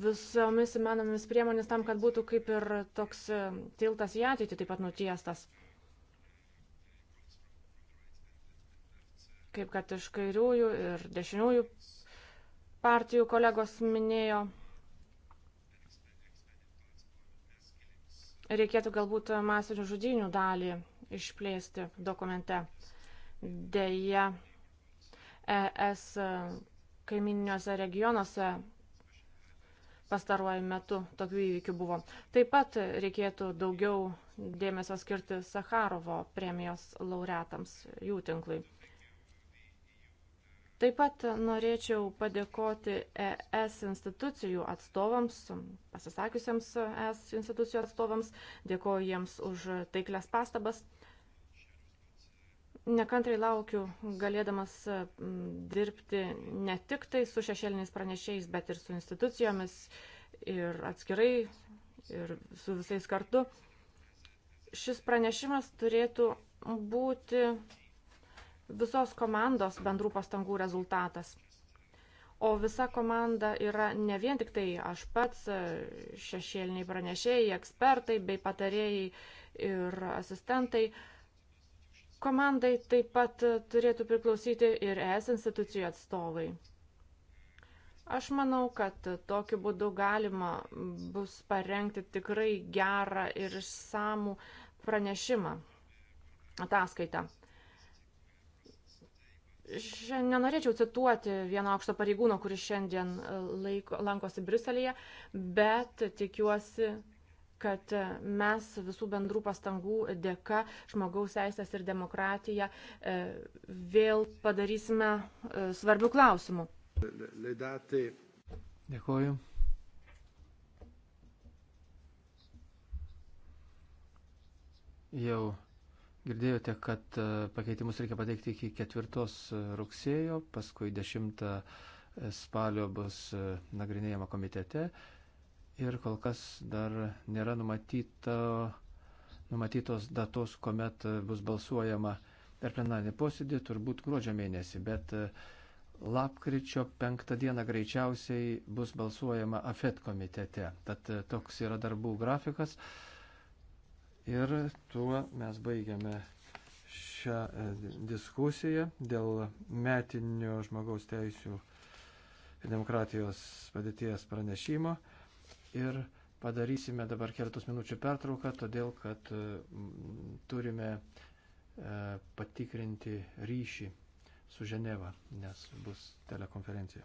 visomis įmanomis priemonės tam, kad būtų kaip ir toks e, tiltas į ateitį taip pat nutiestas. Kaip kad iš kairiųjų ir dešiniųjų partijų kolegos minėjo. reikėtų galbūt masinių žudinių dalį išplėsti dokumente. Deja, ES kaimininiuose regionuose pastaruoju metu tokių įvykių buvo. Taip pat reikėtų daugiau dėmesio skirti Sakarovo premijos laureatams, jų tinklui. Taip pat norėčiau padėkoti ES institucijų atstovams, pasisakiusiems ES institucijų atstovams, dėkoju jiems už taiklės pastabas. Nekantrai laukiu, galėdamas dirbti ne tik tai su šešėliniais pranešėjais, bet ir su institucijomis ir atskirai, ir su visais kartu. Šis pranešimas turėtų būti visos komandos bendrų pastangų rezultatas. O visa komanda yra ne vien tik tai aš pats, e, šešėliniai pranešėjai, ekspertai bei patarėjai ir asistentai. Komandai taip pat turėtų priklausyti ir ES institucijų atstovai. Aš manau, kad tokiu būdu galima bus parengti tikrai gerą ir išsamų pranešimą, ataskaitą. Šiandien nenorėčiau cituoti vieno aukšto pareigūno, kuris šiandien e, laiko, lankosi Briuselėje, bet tikiuosi, kad mes visų bendrų pastangų dėka žmogaus teisės ir demokratija e, vėl padarysime e, svarbių klausimų. Dėkuoju. Jau Girdėjote, kad e, pakeitimus reikia pateikti iki 4 e, rugsėjo, paskui 10 e, spalio bus nagrinėjama komitete ir kol kas dar nėra numatyta, numatytos datos, kuomet bus balsuojama per plenarinį posėdį, turbūt gruodžio mėnesį, bet lapkričio penktą dieną greičiausiai bus balsuojama AFET komitete. Tad toks yra darbų grafikas. Uh, Ir tuo mes baigiame šią e, diskusiją dėl metinio žmogaus teisų ir demokratijos padėties pranešimo. Ir padarysime dabar keletos minučių pertrauką, todėl kad e, turime e, patikrinti ryšį su Ženeva, nes bus telekonferencija.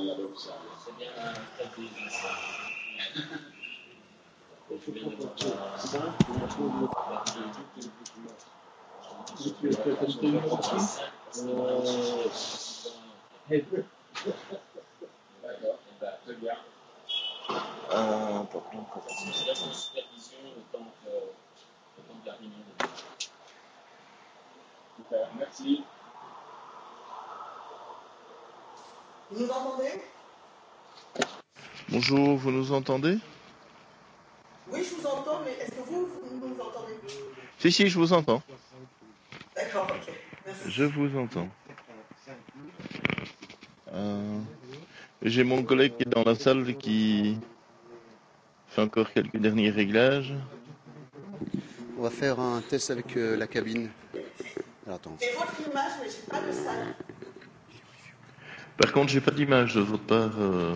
entendez Oui, je vous entends, mais est-ce que vous, vous nous entendez Si, si, je vous entends. D'accord, ok. Merci. Je vous entends. Euh, J'ai mon collègue qui est dans la salle qui fait encore quelques derniers réglages. On va faire un test avec euh, la cabine. Alors, attends. J'ai votre image, mais je n'ai pas de salle. Par contre, j'ai pas d'image de votre part. Euh...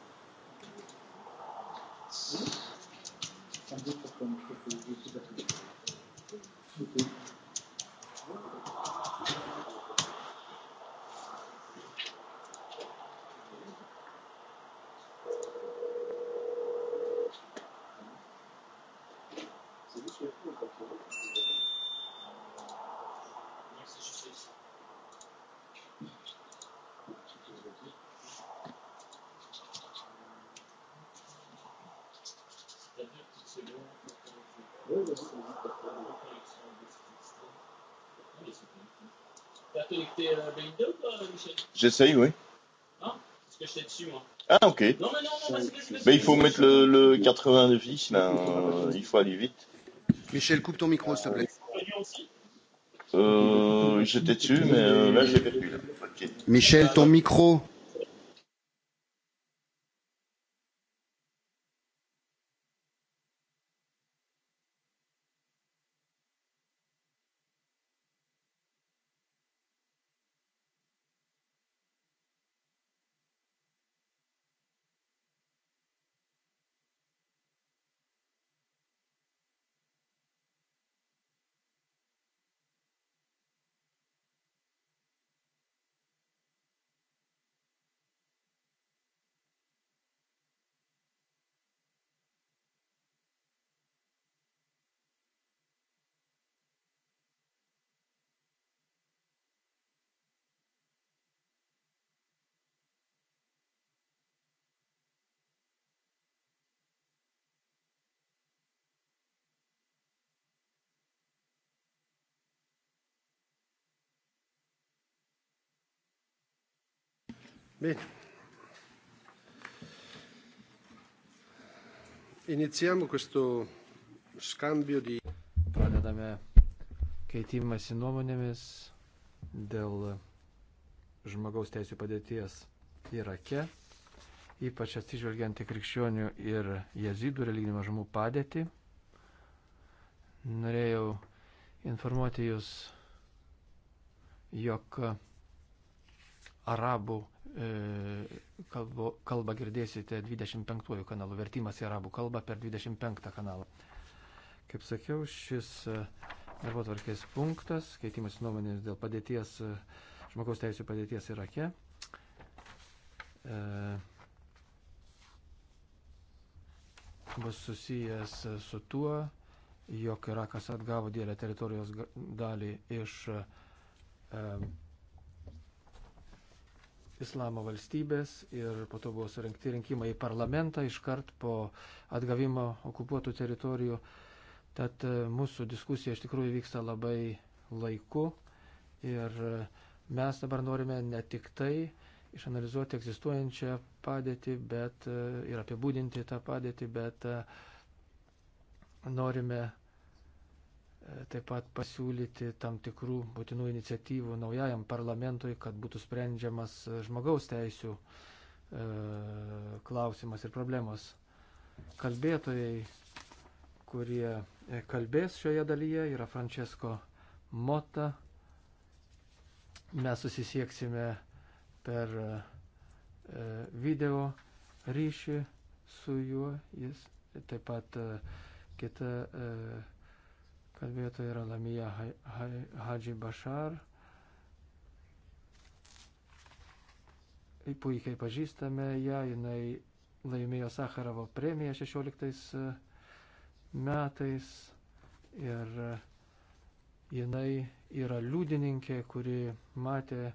panašus į gyvybę. J'essaye, oui. Hein Parce que j'étais dessus, moi. Ah, ok. Non, mais non, non, parce que je me suis... Mais il faut mettre le, le 90, là. Euh, il faut aller vite. Michel, coupe ton micro, s'il te plaît. Euh, j'étais dessus, mais euh, là, j'ai perdu. Là. Okay. Michel, ton micro. Bine. Iniciamo questo scambio di. Pradedame keitimąsi nuomonėmis dėl žmogaus teisų padėties Irake, ypač atsižvelgiant į krikščionių ir jezidų religinių mažumų padėtį. Norėjau informuoti Jūs, jog arabų e, kalbo, kalbą girdėsite 25 kanalu, vertimas į arabų kalbą per 25 kanalą. Kaip sakiau, šis e, darbo tvarkės punktas, keitimas nuomonės dėl padėties, e, žmogaus teisų padėties Irake. E, bus susijęs su tuo, jog Irakas atgavo didelę teritorijos dalį iš e, islamo valstybės ir po to buvo surinkti rinkimai į parlamentą iškart po atgavimo okupuotų teritorijų. Tad e, mūsų diskusija iš tikrųjų vyksta labai laiku ir e, mes dabar norime ne tik tai išanalizuoti egzistuojančią padėtį bet, e, ir apibūdinti tą padėtį, bet norime taip pat pasiūlyti tam tikrų būtinų iniciatyvų naujajam parlamentui, kad būtų sprendžiamas e, žmogaus teisų e, klausimas ir problemos. Kalbėtojai, kurie e, kalbės šioje dalyje, yra Francesco Mota. Mes susisieksime per video ryšį su juo. Jis taip pat kita Kalbėtoja yra Lamija Hadži Bashar. Puikiai pažįstame ją, jinai laimėjo Sakarovo premiją 16 e, metais ir e, jinai yra liudininkė, kuri matė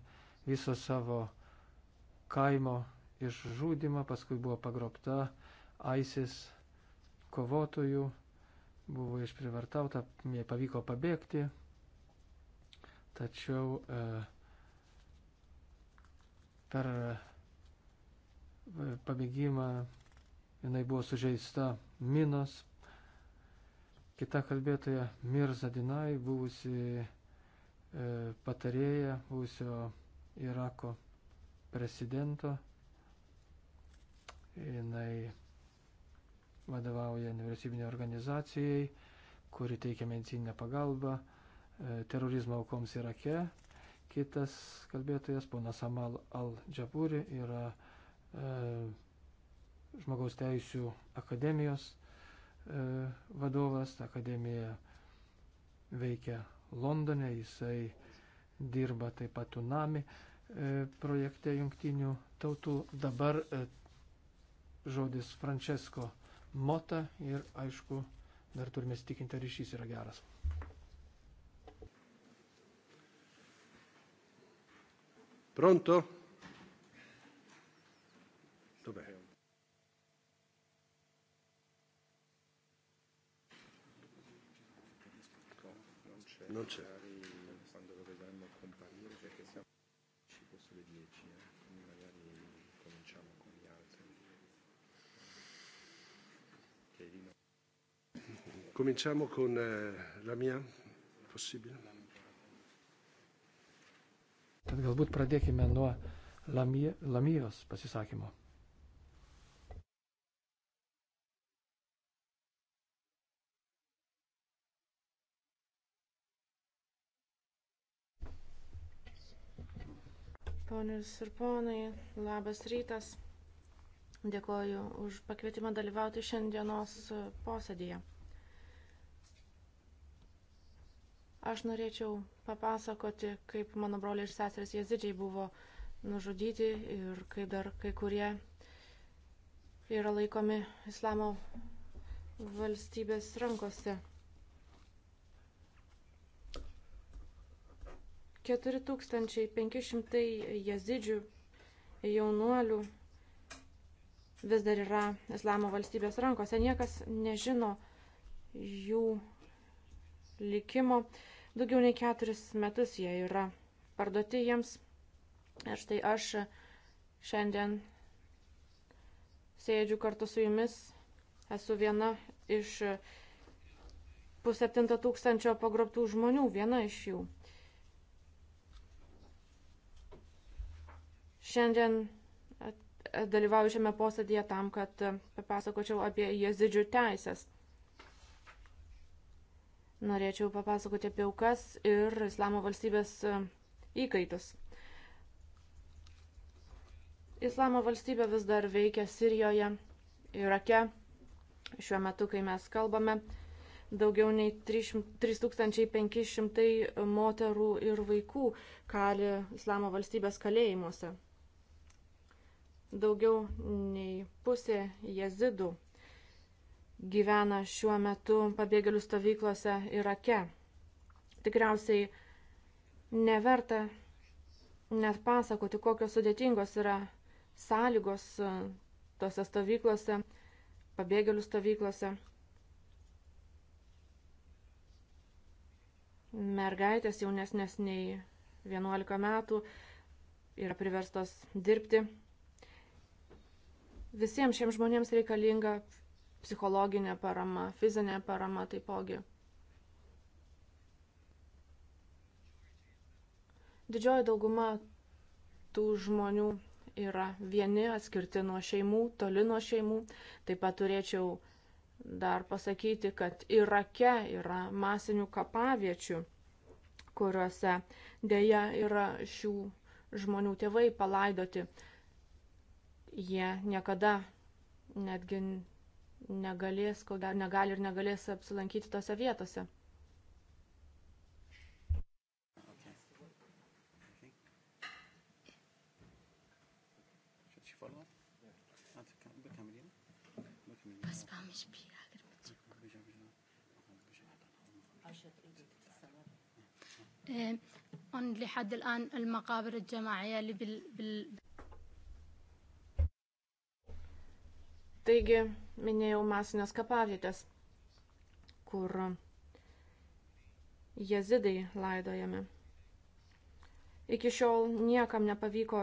viso savo kaimo išžudimą, paskui buvo pagrobta ISIS kovotojų buvo išprivartauta, jai pavyko pabėgti, tačiau e, per e, pabėgimą jinai buvo sužeista minos. Kita kalbėtoja Mirza Dinai, buvusi e, patarėja, buvusio Irako prezidento. Jinai vadovauja nevyriausybinė organizacijai, kuri teikia medicininę pagalbą e, terorizmo aukoms Irake. Kitas kalbėtojas, ponas Amal Al-Džaburi, yra e, žmogaus teisų akademijos e, vadovas. Ta akademija veikia Londone, jisai dirba taip pat Tunami e, projekte jungtinių tautų. Dabar e, žodis Francesco motą ir, aišku, dar turime stikinti, ar ryšys yra geras. Pronto? Dov'è? Non c'è. Cominciamo con eh, la mia, possibile. Tad galbūt pradėkime nuo Lamie, Lamijos pasisakymo. Ponius ir ponai, labas rytas. Dėkoju už pakvietimą dalyvauti šiandienos posėdėje. Aš norėčiau papasakoti, kaip mano broliai ir seserys jezidžiai buvo nužudyti ir kai dar kai kurie yra laikomi islamo valstybės rankose. 4500 jezidžių jaunuolių vis dar yra islamo valstybės rankose. Niekas nežino jų likimo. Daugiau nei keturis metus jie yra parduoti jiems. Ir štai aš šiandien sėdžiu kartu su jumis. Esu viena iš pusseptinto tūkstančio pagrobtų žmonių, viena iš jų. Šiandien dalyvauju šiame posėdėje tam, kad papasakočiau apie jezidžių teisės. Norėčiau papasakoti apie aukas ir Islamo valstybės e, įkaitus. Islamo valstybė vis dar veikia Sirijoje, Irake. Šiuo metu, kai mes kalbame, daugiau nei 3500 moterų ir vaikų kali Islamo valstybės kalėjimuose. Daugiau nei pusė jezidų gyvena šiuo metu pabėgėlių stovyklose Irake. Tikriausiai neverta net pasakoti, kokios sudėtingos yra sąlygos e, tose stovyklose, pabėgėlių stovyklose. Mergaitės jaunesnės nei 11 metų yra priverstos dirbti. Visiems šiems žmonėms reikalinga psichologinė parama, fizinė parama taipogi. Didžioji dauguma tų žmonių yra vieni atskirti nuo šeimų, toli nuo šeimų. Taip pat turėčiau dar pasakyti, kad Irake yra masinių kapaviečių, kuriuose dėja yra šių žmonių tėvai palaidoti. Jie niekada netgi negalės, ko gero negali ir negalės apsilankyti tose vietose. أن لحد الآن المقابر الجماعية اللي بال... بال... Taigi, minėjau masinės kapavietės, kur jezidai laidojami. Iki šiol niekam nepavyko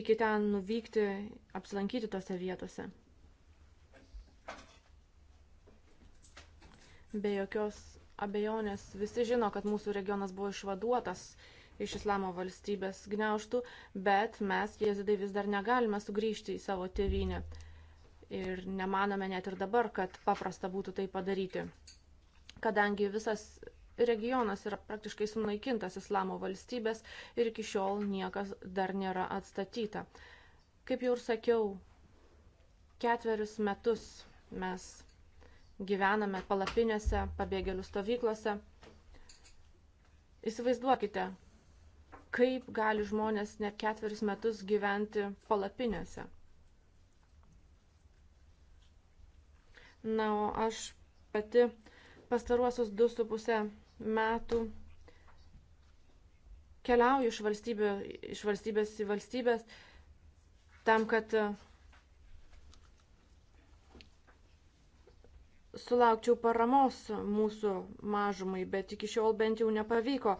iki ten nuvykti, apsilankyti tose vietose. Be jokios abejonės visi žino, kad mūsų regionas buvo išvaduotas iš islamo valstybės gniauštų, bet mes, jezidai, vis dar negalime sugrįžti į savo tėvynę ir nemanome net ir dabar, kad paprasta būtų tai padaryti, kadangi visas regionas yra praktiškai sunaikintas islamo valstybės ir iki šiol niekas dar nėra atstatyta. Kaip jau ir sakiau, ketverius metus mes gyvename palapinėse, pabėgėlių stovyklose. Įsivaizduokite, kaip gali žmonės net ketverius metus gyventi palapinėse. Na, o aš pati pastaruosius 2,5 metų keliauju iš, valstybė, iš valstybės į valstybės tam, kad sulaukčiau paramos mūsų mažumai, bet iki šiol bent jau nepavyko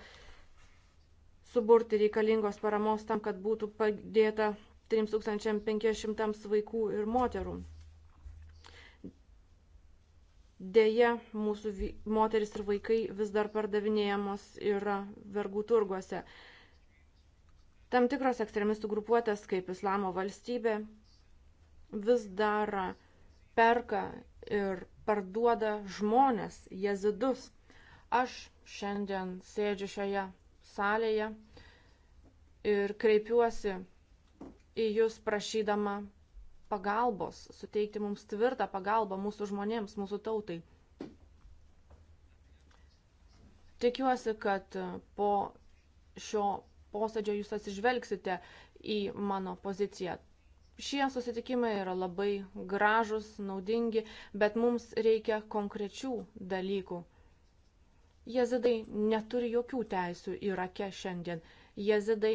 suburti reikalingos paramos tam, kad būtų padėta 3500 vaikų ir moterų. Deja, mūsų moteris ir vaikai vis dar pardavinėjamos yra vergų turguose. Tam tikros ekstremistų grupuotės, kaip Islamo valstybė, vis dar perka ir parduoda žmonės, jezidus. Aš šiandien sėdžiu šioje salėje ir kreipiuosi į jūs prašydama pagalbos, suteikti mums tvirtą pagalbą mūsų žmonėms, mūsų tautai. Tikiuosi, kad e, po šio posėdžio jūs atsižvelgsite į mano poziciją. Šie susitikimai yra labai gražus, naudingi, bet mums reikia konkrečių dalykų. Jezidai neturi jokių teisių Irake šiandien. Jezidai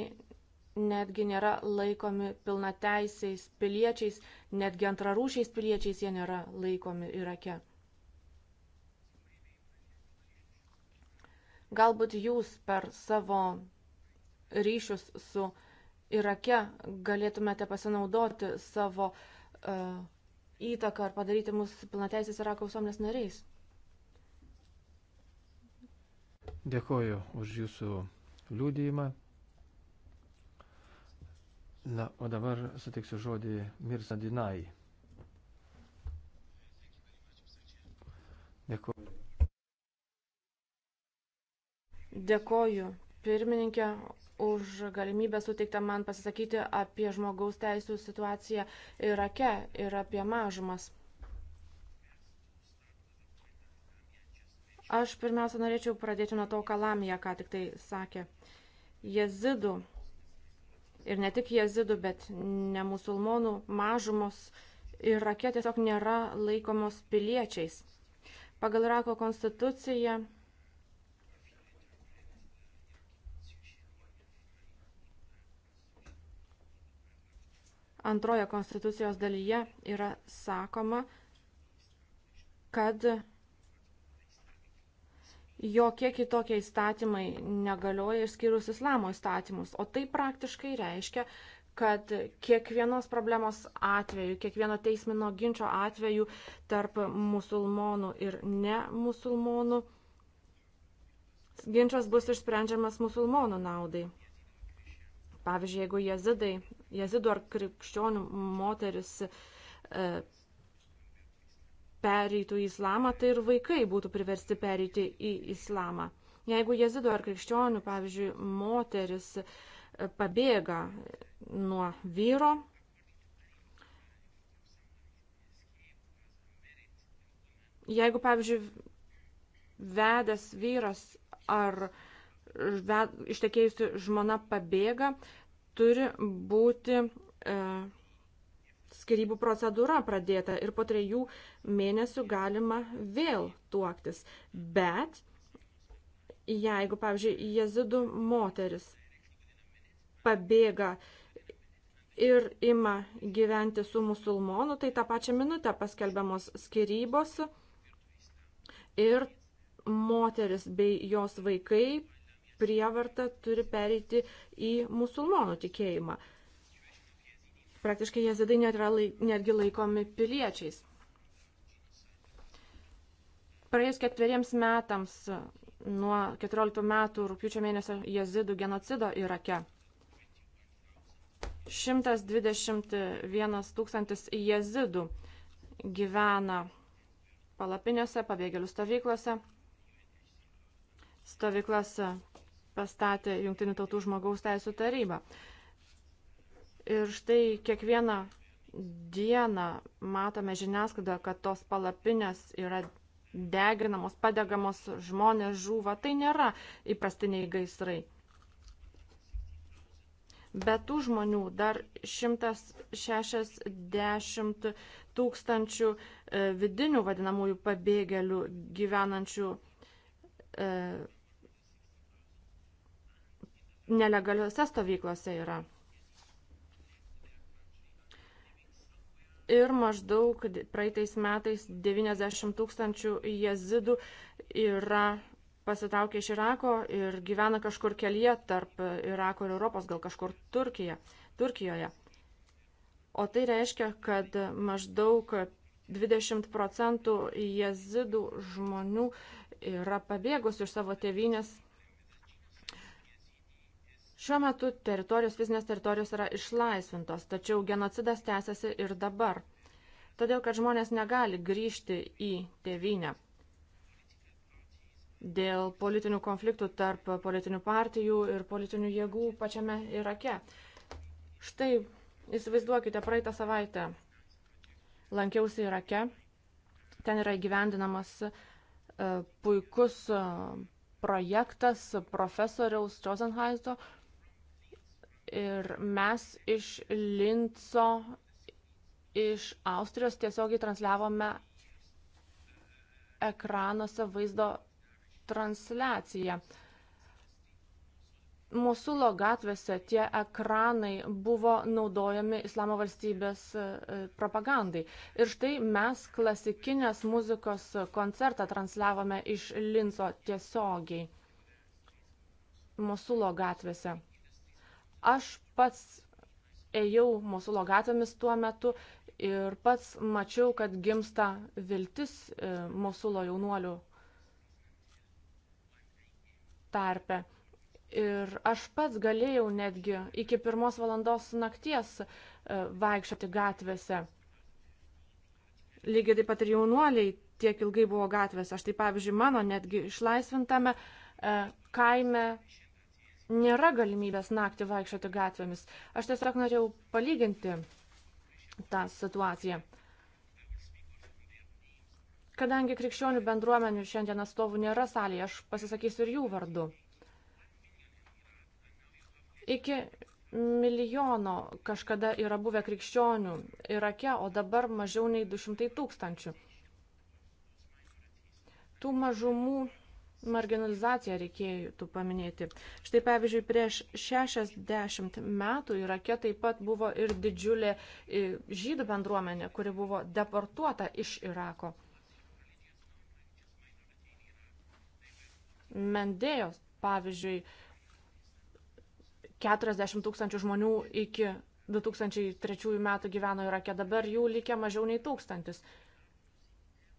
netgi nėra laikomi pilnateisiais piliečiais, netgi antrarūšiais piliečiais jie nėra laikomi Irake. Galbūt jūs per savo ryšius su Irake galėtumėte pasinaudoti savo uh, įtaką ar padaryti mus pilnateisiais Irako visuomenės nariais. Dėkoju už jūsų liūdėjimą. Na, o dabar suteiksiu žodį Mirsa Dinai. Dėkuoju. Dėkoju pirmininkė už galimybę suteiktą man pasisakyti apie žmogaus teisų situaciją Irake ir apie mažumas. Aš pirmiausia norėčiau pradėti nuo to, ką Lamija ką tik tai sakė. Jezidų ir ne tik jezidų, bet ne musulmonų mažumos Irake tiesiog nėra laikomos piliečiais. Pagal Irako konstituciją antroje konstitucijos dalyje yra sakoma, kad jokie kitokie įstatymai negalioja išskyrus islamo įstatymus. O tai praktiškai reiškia, kad kiekvienos problemos atveju, kiekvieno teismino ginčio atveju tarp musulmonų ir ne musulmonų ginčas bus išsprendžiamas musulmonų naudai. Pavyzdžiui, jeigu jezidai, jezidų ar krikščionių moteris e, pereitų į islamą, tai ir vaikai būtų priversti pereiti į islamą. Jeigu jezido ar krikščionių, pavyzdžiui, moteris e, pabėga nuo vyro, jeigu, pavyzdžiui, vedęs vyras ar ved, ištekėjusi žmona pabėga, turi būti e, skirybų procedūra pradėta ir po trejų mėnesių galima vėl tuoktis. Bet jeigu, pavyzdžiui, jezidų moteris pabėga ir ima gyventi su musulmonu, tai tą pačią minutę paskelbiamos skirybos ir moteris bei jos vaikai prievarta turi pereiti į musulmonų tikėjimą praktiškai jezidai net yra laik, netgi laikomi piliečiais. Praėjus ketveriems metams nuo 14 metų rūpiučio mėnesio jezidų genocido Irake. 121 tūkstantis jezidų gyvena palapinėse, pabėgėlių stovyklose. Stovyklas pastatė Junktinių tautų žmogaus teisų taryba. Ir štai kiekvieną dieną matome žiniasklaidoje, kad tos palapinės yra deginamos, padegamos, žmonės žūva. Tai nėra įprastiniai gaisrai. Bet tų žmonių dar 160 tūkstančių e, vidinių vadinamųjų pabėgėlių gyvenančių e, nelegaliuose stovyklose yra. ir maždaug praeitais metais 90 tūkstančių jezidų yra pasitraukė iš Irako ir gyvena kažkur kelyje tarp Irako ir Europos, gal kažkur Turkija, Turkijoje. O tai reiškia, kad maždaug 20 procentų jezidų žmonių yra pabėgusi iš savo tėvynės Šiuo metu teritorijos, fizinės teritorijos yra išlaisvintos, tačiau genocidas tęsiasi ir dabar. Todėl, kad žmonės negali grįžti į tėvynę. Dėl politinių konfliktų tarp politinių partijų ir politinių jėgų pačiame Irake. Štai, įsivaizduokite, praeitą savaitę lankiausi Irake. Ten yra įgyvendinamas e, puikus e, projektas profesoriaus Rosenheisto, Ir mes iš Linco, iš Austrijos tiesiogiai transliavome ekranuose vaizdo transliaciją. Mosulo gatvėse tie ekranai buvo naudojami Islamo valstybės e, propagandai. Ir štai mes klasikinės muzikos koncertą transliavome iš Linco tiesiogiai Mosulo gatvėse. Aš pats ėjau Mosulo gatvėmis tuo metu ir pats mačiau, kad gimsta viltis e, Mosulo jaunuolių tarpe. Ir aš pats galėjau netgi iki pirmos valandos nakties e, vaikščioti gatvėse. Lygiai taip pat ir jaunuoliai tiek ilgai buvo gatvėse. Aš tai pavyzdžiui, mano netgi išlaisvintame e, kaime nėra galimybės naktį vaikščioti gatvėmis. Aš tiesiog norėjau palyginti tą situaciją. Kadangi krikščionių bendruomenių šiandien atstovų nėra salėje, aš pasisakysiu ir jų vardu. Iki milijono kažkada yra buvę krikščionių Irake, o dabar mažiau nei 200 tūkstančių. Tų mažumų marginalizaciją reikėtų paminėti. Štai pavyzdžiui, prieš 60 metų Irake taip pat buvo ir didžiulė žydų bendruomenė, kuri buvo deportuota iš Irako. Mendėjos, pavyzdžiui, 40 tūkstančių žmonių iki 2003 metų gyveno Irake, dabar jų likę mažiau nei tūkstantis.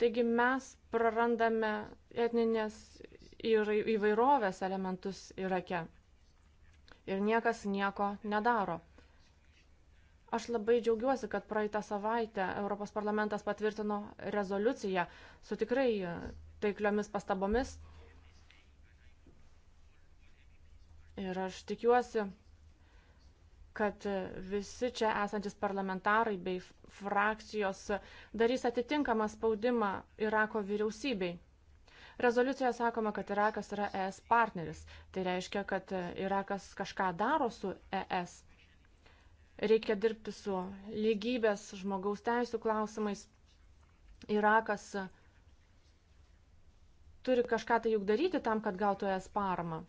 Taigi mes prarandame etninės įvairovės elementus Irake. Ir niekas nieko nedaro. Aš labai džiaugiuosi, kad praeitą savaitę Europos parlamentas patvirtino rezoliuciją su tikrai taikliomis pastabomis. Ir aš tikiuosi, kad visi čia esantis parlamentarai bei frakcijos darys atitinkamą spaudimą Irako vyriausybei. Rezoliucijoje sakoma, kad Irakas yra ES partneris. Tai reiškia, kad Irakas kažką daro su ES. Reikia dirbti su lygybės, žmogaus teisų klausimais. Irakas turi kažką tai juk daryti tam, kad gautų ES paramą.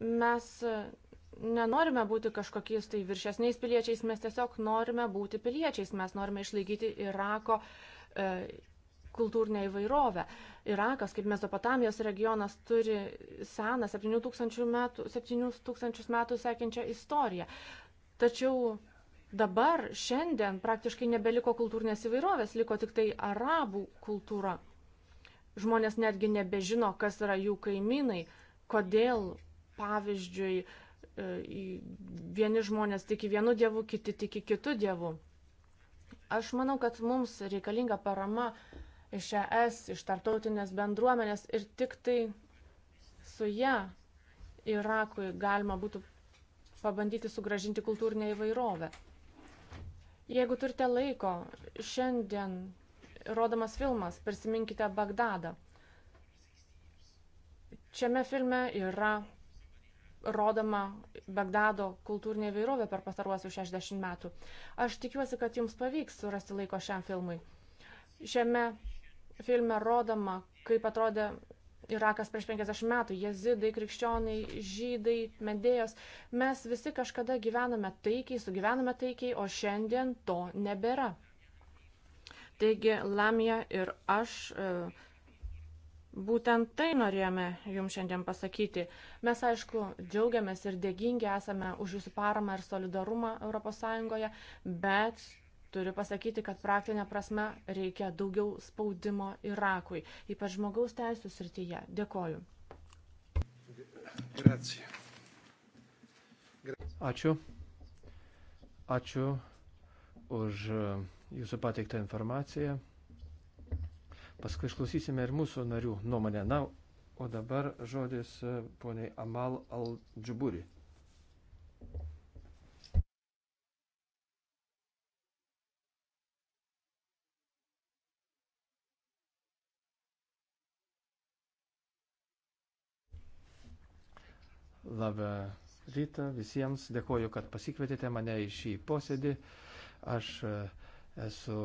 Mes e, nenorime būti kažkokiais tai viršesniais piliečiais, mes tiesiog norime būti piliečiais, mes norime išlaikyti Irako e, kultūrinę įvairovę. Irakas, kaip Mesopotamijos regionas, turi seną 7000 metų, 7000 metų sekiančią istoriją. Tačiau dabar, šiandien, praktiškai nebeliko kultūrinės įvairovės, liko tik tai arabų kultūra. Žmonės netgi nebežino, kas yra jų kaimynai, kodėl Pavyzdžiui, e, vieni žmonės tiki vienu dievu, kiti tiki kitu dievu. Aš manau, kad mums reikalinga parama iš ES, iš tartautinės bendruomenės ir tik tai su ją Irakui galima būtų pabandyti sugražinti kultūrinę įvairovę. Jeigu turite laiko, šiandien rodomas filmas, prisiminkite Bagdadą. Šiame filme yra rodoma Bagdado kultūrinė įvairovė per pastaruosius 60 metų. Aš tikiuosi, kad jums pavyks surasti laiko šiam filmui. Šiame filme rodoma, kaip atrodė Irakas prieš 50 metų, jezidai, krikščionai, žydai, medėjos. Mes visi kažkada gyvename taikiai, sugyvename taikiai, o šiandien to nebėra. Taigi Lamija ir aš. E, Būtent tai norėjome Jums šiandien pasakyti. Mes, aišku, džiaugiamės ir dėkingi esame už Jūsų paramą ir solidarumą ES, bet turiu pasakyti, kad praktinė prasme reikia daugiau spaudimo Irakui, ypač žmogaus teisų srityje. Dėkoju. Grazie. Grazie. Ačiū. Ačiū už e, Jūsų pateiktą informaciją. Paskui išklausysime ir mūsų narių nuomonę. Na, o dabar žodis e, poniai Amal Al-Džuburi. Labą rytą visiems. Dėkoju, kad pasikvietėte mane į šį posėdį. Aš e, esu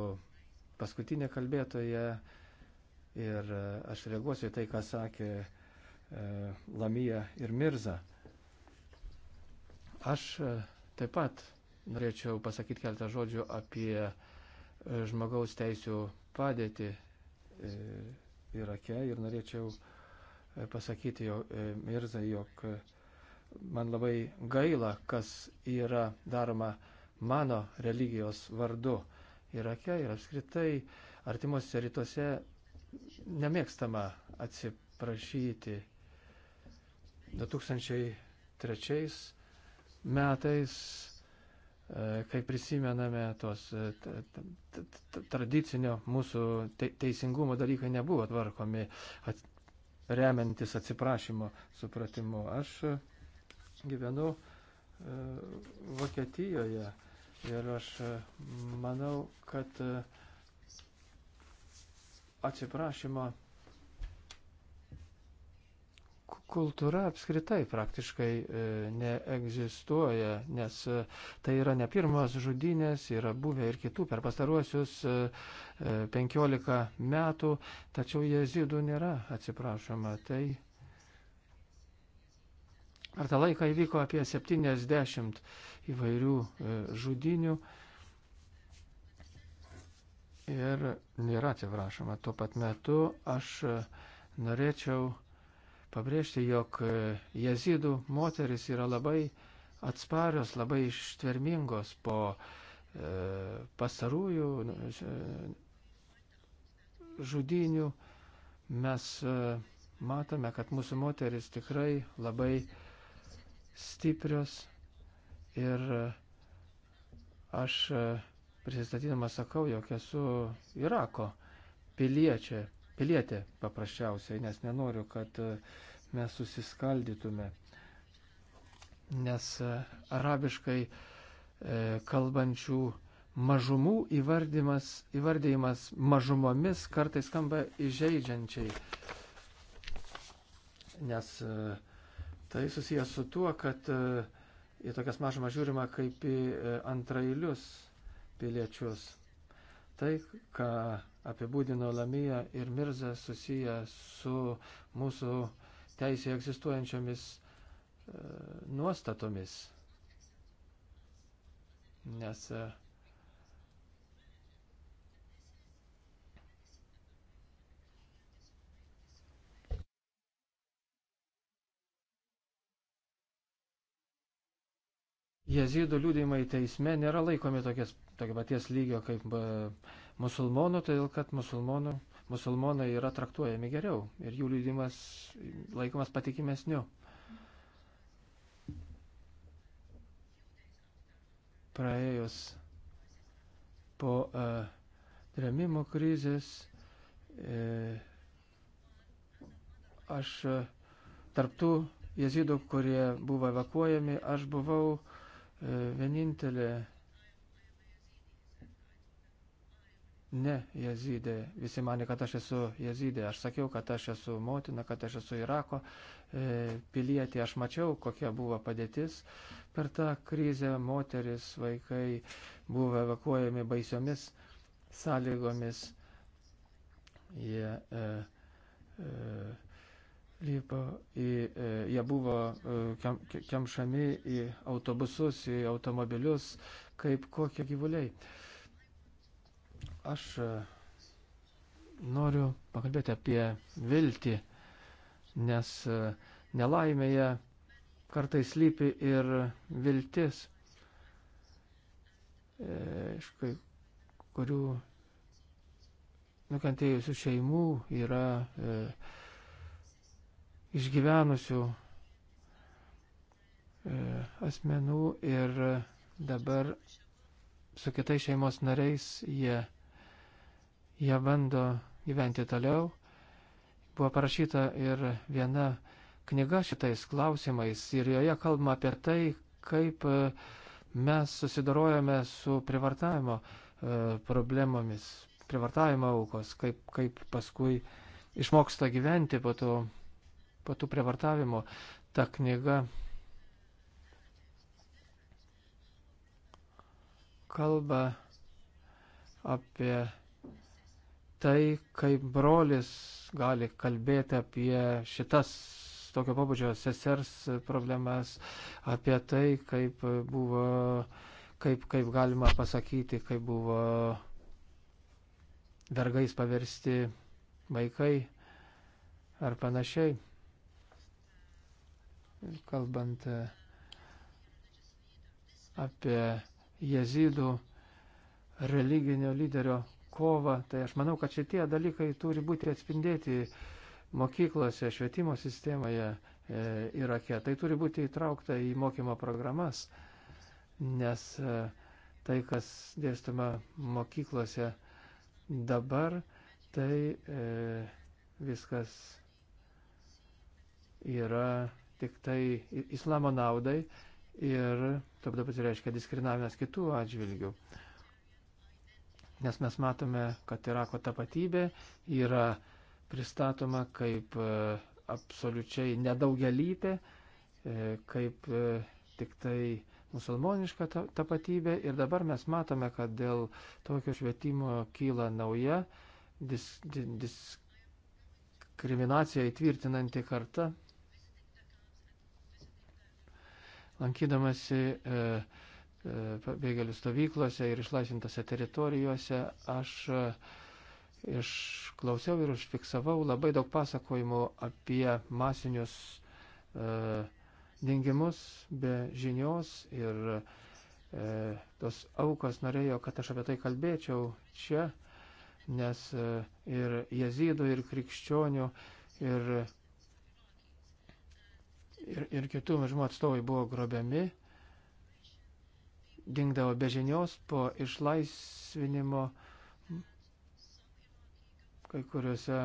paskutinė kalbėtoja Ir e, aš reaguosiu į tai, ką sakė e, Lamija ir Mirza. Aš e, taip pat norėčiau pasakyti keletą žodžių apie e, žmogaus teisų padėtį e, Irake ir norėčiau e, pasakyti jo, e, Mirza, jog e, man labai gaila, kas yra daroma mano religijos vardu Irake ir apskritai artimuose rytuose nemėgstama atsiprašyti. 2003 metais, e, kai prisimename tos e, tradicinio mūsų teisingumo dalykai nebuvo tvarkomi at, remiantis atsiprašymo supratimu. Aš gyvenu e, Vokietijoje ir aš manau, kad atsiprašymo kultūra apskritai praktiškai e, neegzistuoja, nes e, tai yra ne pirmas žudynės, yra buvę ir kitų per pastaruosius 15 e, metų, tačiau jezidų nėra atsiprašoma. Tai ar tą laiką įvyko apie 70 įvairių žudinių. E, ir nėra atsiprašoma. Tuo pat metu aš norėčiau pabrėžti, jog jezidų moteris yra labai atsparios, labai ištvermingos po e, pastarųjų nu, e, žudinių. Mes e, matome, kad mūsų moteris tikrai labai stiprios ir e, aš e, prisistatydamas sakau, jog esu Irako piliečia, pilietė paprasčiausiai, nes nenoriu, kad e, mes susiskaldytume. Nes e, arabiškai e, kalbančių mažumų įvardymas, įvardymas mažumomis kartais skamba įžeidžiančiai. Nes tai susijęs su tuo, kad į tokias mažumas žiūrima kaip į antrailius piliečius. Tai, ką apibūdino Lamija ir Mirza, susiję su mūsų teisėje egzistuojančiomis e, nuostatomis. Nes uh, jezidų liūdėjimai teisme nėra laikomi tokias, tokio paties lygio kaip e, musulmonų, todėl kad musulmonų, musulmonai yra traktuojami geriau ir jų liūdimas laikomas patikimesniu. Praėjus po uh, e, remimo krizės uh, aš uh, tarptų jezidų, kurie buvo evakuojami, aš buvau uh, E, vienintelė ne jezidė. Visi mane, kad aš esu jezidė. Aš sakiau, kad aš esu motina, kad aš esu Irako e, pilietė. Aš mačiau, kokia buvo padėtis. Per tą krizę moteris, vaikai buvo evakuojami baisiomis sąlygomis. Jie e, e, lipo į, e, jie buvo e, kemšami į autobusus, į automobilius, kaip kokie gyvuliai. Aš e, noriu pakalbėti apie viltį, nes nelaimėje kartais lypi ir viltis, iš kai kurių nukentėjusių šeimų yra e, išgyvenusių e, asmenų ir dabar su kitais šeimos nariais jie, jie bando gyventi toliau. Buvo parašyta ir viena knyga šitais klausimais ir joje kalbama apie tai, kaip e, mes susidarojame su privartavimo e, problemomis, privartavimo aukos, kaip, kaip paskui išmoksta gyventi po to po tų prievartavimo. Ta knyga kalba apie tai, kaip brolis gali kalbėti apie šitas tokio pabudžio sesers problemas, apie tai, kaip buvo, kaip, kaip galima pasakyti, kaip buvo vergais paversti vaikai ar panašiai kalbant e, apie jezidų religinio lyderio kovą, tai aš manau, kad šitie dalykai turi būti atspindėti mokyklose, švietimo sistemoje e, Irake. Tai turi būti įtraukta į mokymo programas, nes e, tai, kas dėstama mokyklose dabar, tai viskas yra tik tai islamo naudai ir tada pasireiškia diskriminavimas kitų atžvilgių. Nes mes matome, kad Irako tapatybė yra pristatoma kaip e, absoliučiai nedaugelypė, e, kaip e, tik tai musulmoniška tapatybė ir dabar mes matome, kad dėl tokio švietimo kyla nauja dis, dis, diskriminacija įtvirtinanti karta lankydamasi e, e, pabėgėlių stovyklose ir išlaisvintose teritorijose, aš e, išklausiau ir užfiksavau labai daug pasakojimų apie masinius e, dingimus be žinios ir e, tos aukos norėjo, kad aš apie tai kalbėčiau čia, nes e, ir jezydų, ir krikščionių, ir ir, ir kitų mažumų atstovai buvo grobiami, dingdavo be žinios po išlaisvinimo kai kuriuose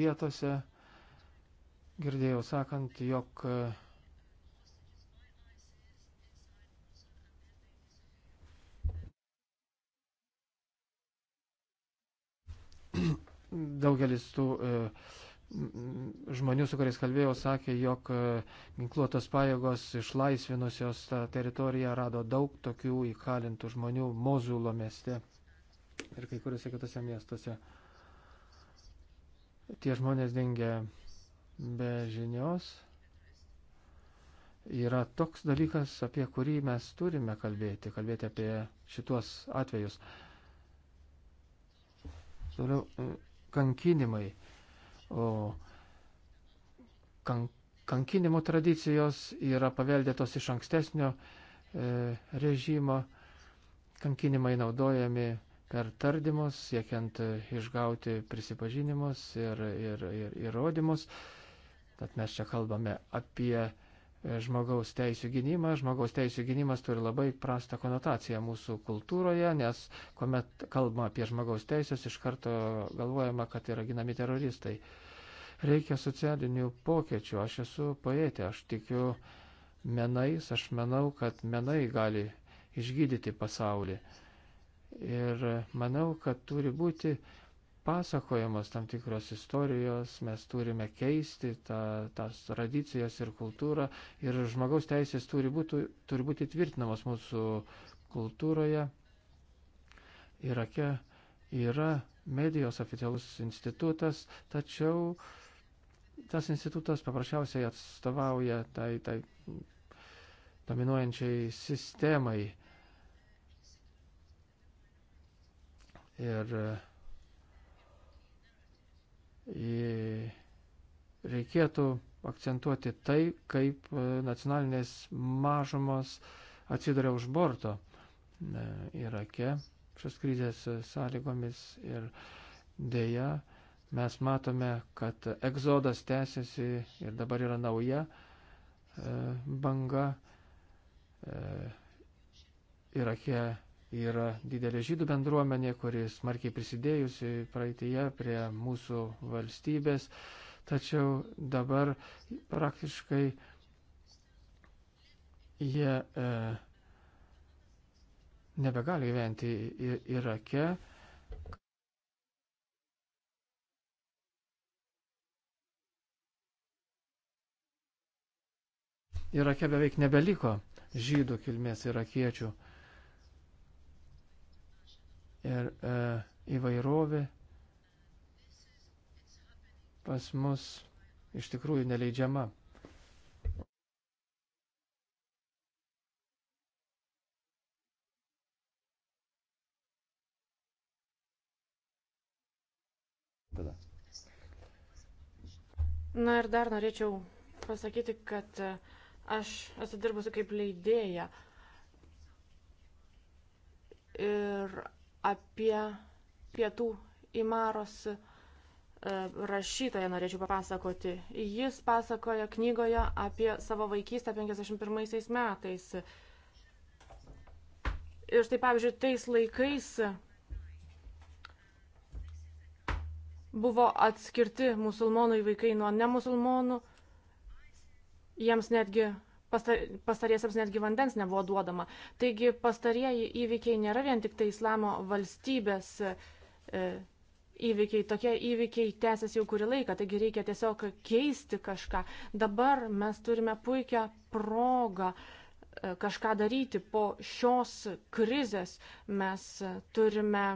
vietose. Girdėjau sakant, jog daugelis tų e, žmonių, su kuriais kalbėjau, sakė, jog e, ginkluotos pajėgos išlaisvinusios tą teritoriją rado daug tokių įkalintų žmonių Mozulo mieste ir kai kuriuose kitose miestuose. Tie žmonės dengia be žinios. Yra toks dalykas, apie kurį mes turime kalbėti, kalbėti apie šituos atvejus. Toliau, e, kankinimai O kankinimo tradicijos yra paveldėtos iš ankstesnio e, režimo. Kankinimai naudojami per tardymus, siekiant e, išgauti prisipažinimus ir, ir, ir įrodymus. Tad mes čia kalbame apie žmogaus teisų gynimą. Žmogaus teisų gynimas turi labai prastą konotaciją mūsų kultūroje, nes kuomet kalbama apie žmogaus teisės, iš karto galvojama, kad yra ginami teroristai. Reikia socialinių pokėčių. Aš esu poetė, aš tikiu menais, aš manau, kad menai gali išgydyti pasaulį. Ir manau, kad turi būti pasakojamos tam tikros istorijos, mes turime keisti tą, tas tradicijas ir kultūrą ir žmogaus teisės turi būti, turi būti tvirtinamos mūsų kultūroje. Irake yra medijos oficialus institutas, tačiau tas institutas paprasčiausiai atstovauja tai, tai dominuojančiai sistemai. Ir uh, reikėtų akcentuoti tai, kaip e, nacionalinės mažumos atsiduria už borto e, Irake šios krizės sąlygomis ir dėja mes matome, kad egzodas tęsiasi ir dabar yra nauja e, banga. Irake yra didelė žydų bendruomenė, kuris smarkiai prisidėjusi praeitėje prie mūsų valstybės, tačiau dabar praktiškai jie e, nebegali gyventi Irake. Irake beveik nebeliko žydų kilmės irakiečių ir e, įvairovė pas mus iš tikrųjų neleidžiama. Tada. Na ir dar norėčiau pasakyti, kad e, aš esu dirbusi kaip leidėja. Ir apie pietų Imaros e, rašytoją norėčiau papasakoti. Jis pasakoja knygoje apie savo vaikystę 51 metais. Ir štai, pavyzdžiui, tais laikais buvo atskirti musulmonai vaikai nuo nemusulmonų. Jiems netgi pastariesiems netgi vandens nebuvo duodama. Taigi pastarieji įvykiai nėra vien tik tai islamo valstybės e, įvykiai, tokie įvykiai tęsiasi jau kurį laiką, taigi reikia tiesiog keisti kažką. Dabar mes turime puikią progą e, kažką daryti po šios krizės. Mes e, turime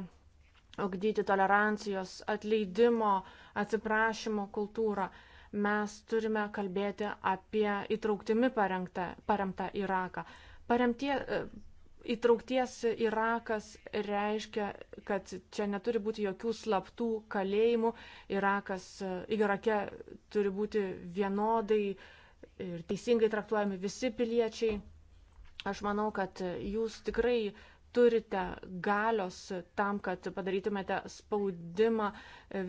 ugdyti tolerancijos, atleidimo, atsiprašymo kultūrą mes turime kalbėti apie įtrauktimi parengtą, paremtą Iraką. Paremtie, e, įtraukties Irakas reiškia, kad čia neturi būti jokių slaptų kalėjimų. Irakas, e, Irake turi būti vienodai ir teisingai traktuojami visi piliečiai. Aš manau, kad jūs tikrai turite galios tam, kad padarytumėte spaudimą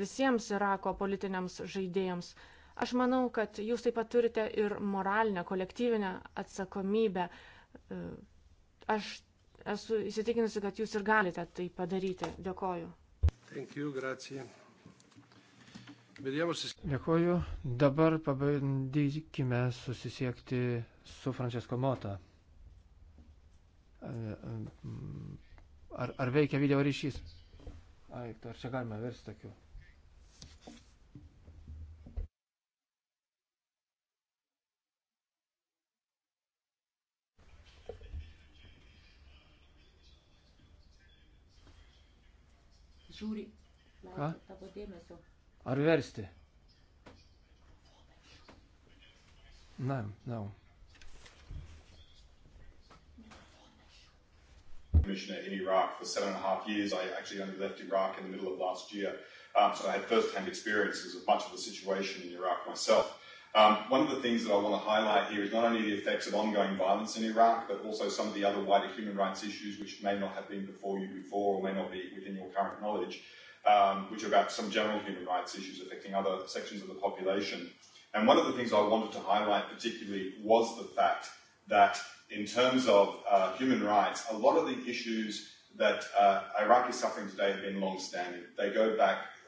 visiems Irako politiniams žaidėjams. Uh, Aš manau, kad jūs taip pat turite ir moralinę, kolektyvinę atsakomybę. E, aš esu įsitikinusi, kad jūs ir galite tai padaryti. Dėkoju. Thank you, grazie. Dėkoju. Dabar pabandykime susisiekti su Francesco Mota. E, e, ar, ar veikia video ryšys? Ai, ar čia galima versti tokiu? žiūri. Ką? Ar versti? No, no. Commission in Iraq for seven and a half years. I actually only left Iraq in the middle of last year, um, so I had first-hand experiences of much of the situation in Iraq myself. Um, one of the things that I want to highlight here is not only the effects of ongoing violence in Iraq, but also some of the other wider human rights issues which may not have been before you before or may not be within your current knowledge, um, which are about some general human rights issues affecting other sections of the population. And one of the things I wanted to highlight particularly was the fact that in terms of uh, human rights, a lot of the issues that uh, Iraq is suffering today have been long-standing. They go back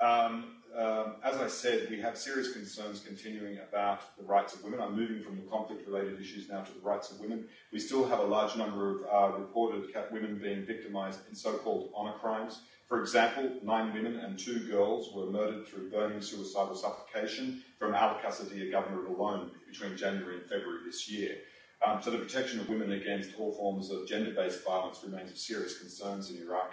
Um, um, as I said, we have serious concerns continuing about the rights of women. I'm moving from the conflict-related issues now to the rights of women. We still have a large number of uh, reported women being victimized in so-called honor crimes. For example, nine women and two girls were murdered through burning, suicide, or suffocation from Al-Qasadiya governorate alone between January and February this year. Um, so the protection of women against all forms of gender-based violence remains of serious concerns in Iraq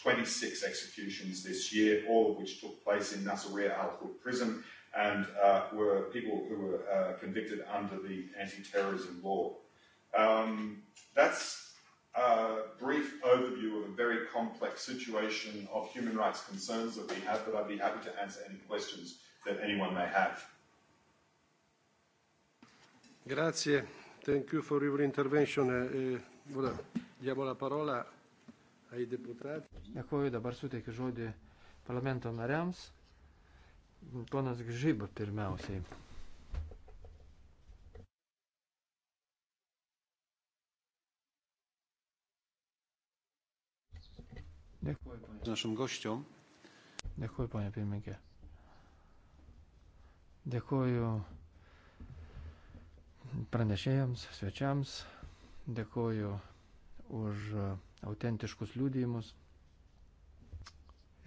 26 executions this year, all of which took place in Nasiriyah Al Hood prison and uh, were people who were uh, convicted under the anti terrorism law. Um, that's a brief overview of a very complex situation of human rights concerns that we have, but I'd be happy to answer any questions that anyone may have. Grazie, thank you for your intervention. Uh, eh, eh, voilà. Diamo la parola ai deputatai. Dėkuoju, dabar suteikiu žodį parlamento nariams. Ponas Gžyba pirmiausiai. Dėkuoju, panie. Našim goščiom. Dėkuoju, panie pirmininkė. Dėkuoju pranešėjams, svečiams. Dėkuoju už. Uh, autentiškus liūdėjimus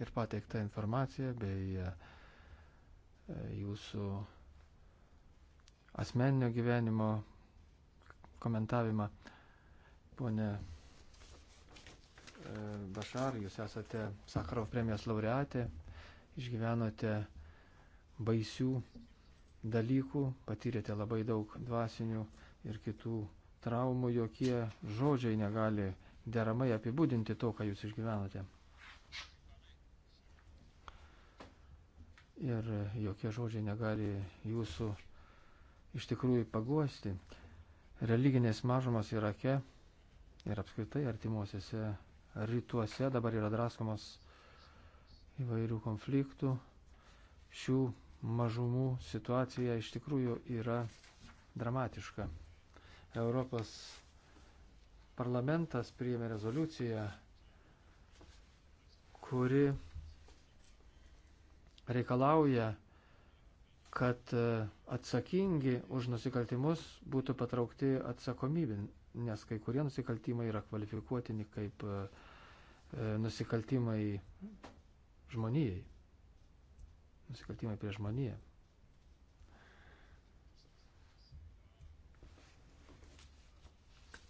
ir pateiktą informaciją bei e, jūsų asmeninio gyvenimo komentavimą. Pone e, Bašar, jūs esate Sakarov premijos laureatė, išgyvenote baisių dalykų, patyrėte labai daug dvasinių ir kitų traumų, jokie žodžiai negali deramai apibūdinti to, ką jūs išgyvenate. Ir jokie žodžiai negali jūsų iš tikrųjų paguosti. Religinės mažumas Irake ir apskritai artimuosiuose rytuose dabar yra draskomos įvairių konfliktų. Šių mažumų situacija iš tikrųjų yra dramatiška. Europos parlamentas priėmė rezoliuciją, kuri reikalauja, kad e, atsakingi už nusikaltimus būtų patraukti atsakomybin, nes kai kurie nusikaltimai yra kvalifikuotini kaip e, e, nusikaltimai žmonijai, nusikaltimai prie žmoniją.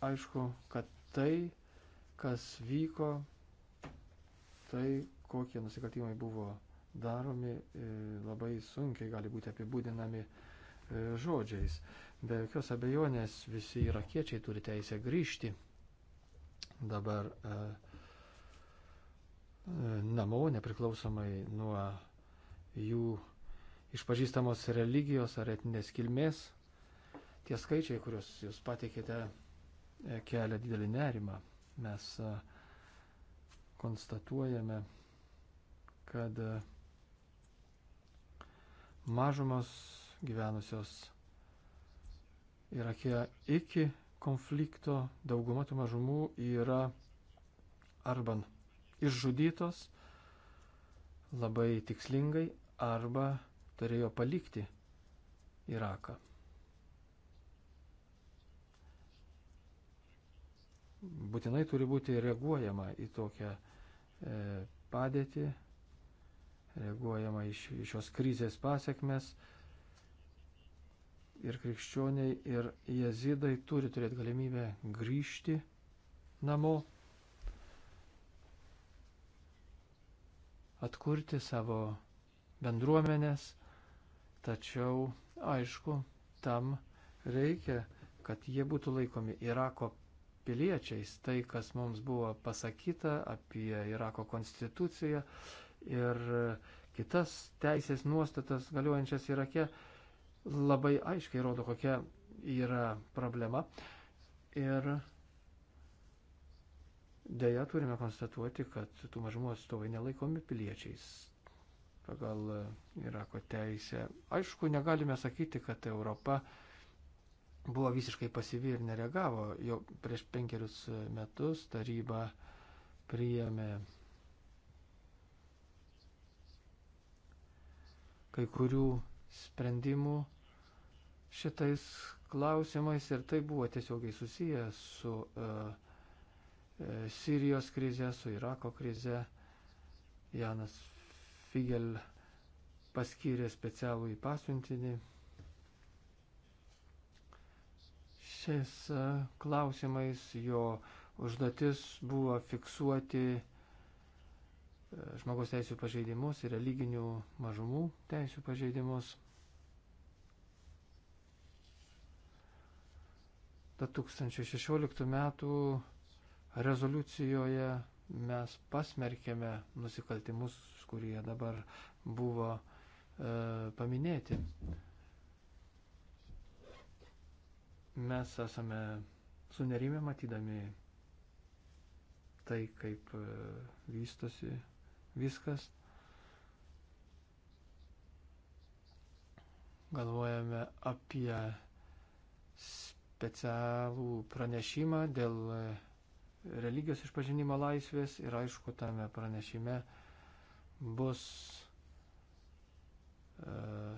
aišku, kad tai, kas vyko, tai, kokie nusikaltimai buvo daromi, e, labai sunkiai gali būti apibūdinami e, žodžiais. Be jokios abejonės visi irakiečiai turi teisę grįžti dabar e, namo, nepriklausomai nuo jų išpažįstamos religijos ar etinės kilmės. Tie skaičiai, kuriuos jūs pateikėte E, kelia didelį nerimą. Mes e, konstatuojame, kad e, mažumos gyvenusios Irake iki konflikto dauguma tų mažumų yra arba išžudytos labai tikslingai arba turėjo palikti Iraką. būtinai turi būti reaguojama į tokią e, padėtį, reaguojama iš šios krizės pasiekmes. Ir krikščioniai, ir jezidai turi turėti galimybę grįžti namo, atkurti savo bendruomenės, tačiau, aišku, tam reikia, kad jie būtų laikomi Irako piliečiais tai, kas mums buvo pasakyta apie Irako konstituciją ir kitas teisės nuostatas galiuojančias Irake, labai aiškiai rodo, kokia yra problema. Ir dėja turime konstatuoti, kad tų mažumų atstovai nelaikomi piliečiais pagal Irako teisę. Aišku, negalime sakyti, kad Europa buvo visiškai pasivi ir nereagavo. Jau prieš penkerius metus taryba priėmė kai kurių sprendimų šitais klausimais ir tai buvo tiesiogiai susiję su uh, Sirijos krize, su Irako krize. Janas Figel paskyrė specialų įpasiuntinį šiais e, klausimais, jo užduotis buvo fiksuoti e, žmogaus teisų pažeidimus ir religinių mažumų teisų pažeidimus. 2016 metų rezoliucijoje mes pasmerkėme nusikaltimus, kurie dabar buvo e, paminėti. mes esame sunerimi matydami tai, kaip e, vystosi viskas. Galvojame apie specialų pranešimą dėl e, religijos išpažinimo laisvės ir aišku, tame pranešime bus uh,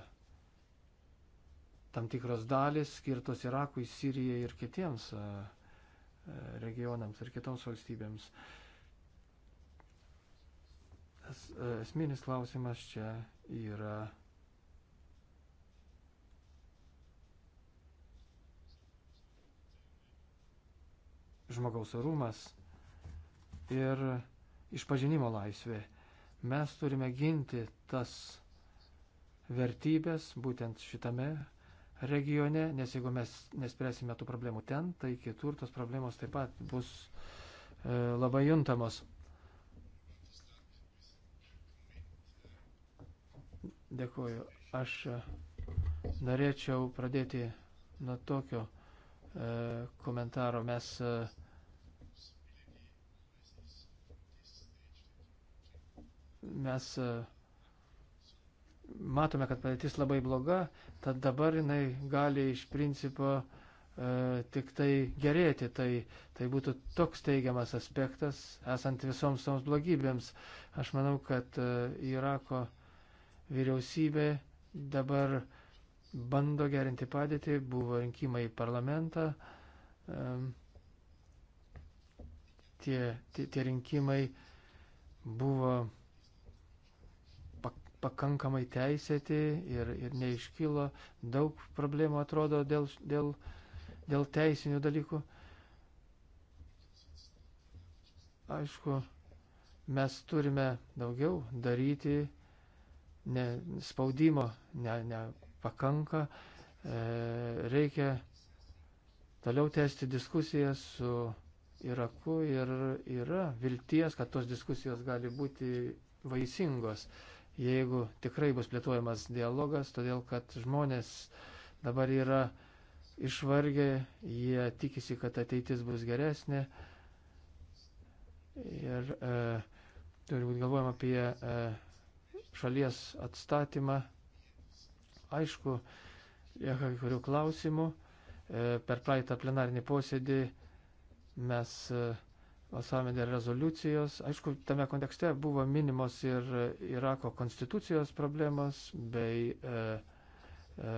tam tikros dalis skirtos Irakui, Sirijai ir kitiems e, e, regionams ir kitoms valstybėms. E, esminis klausimas čia yra žmogaus orumas ir išpažinimo laisvė. Mes turime ginti tas vertybės būtent šitame regione, nes jeigu mes nespręsime tų problemų ten, tai kitur tos problemos taip pat bus e, labai juntamos. Dėkuoju. Aš e, norėčiau pradėti nuo tokio e, komentaro. Mes e, mes e, matome, kad padėtis labai bloga, tad dabar jinai gali iš principo e, tik tai gerėti. Tai, tai būtų toks teigiamas aspektas, esant visoms toms blogybėms. Aš manau, kad e, Irako vyriausybė dabar bando gerinti padėtį, buvo rinkimai į parlamentą. E, tie, tie, tie rinkimai buvo pakankamai teisėti ir, ir neiškylo daug problemų, atrodo, dėl, dėl, dėl teisinių dalykų. Aišku, mes turime daugiau daryti, ne, spaudimo nepakanka, ne, ne e, reikia toliau tęsti diskusiją su Iraku ir yra vilties, kad tos diskusijos gali būti vaisingos. E, jeigu tikrai bus plėtojamas dialogas, todėl kad žmonės dabar yra išvargę, jie tikisi, kad ateitis bus geresnė ir e, turi būti galvojama apie e, šalies atstatymą. Aišku, lieka kai kurių klausimų. E, per praeitą plenarinį posėdį mes e, balsavome dėl rezoliucijos. Aišku, tame kontekste buvo minimos ir e, Irako konstitucijos problemos bei e, e,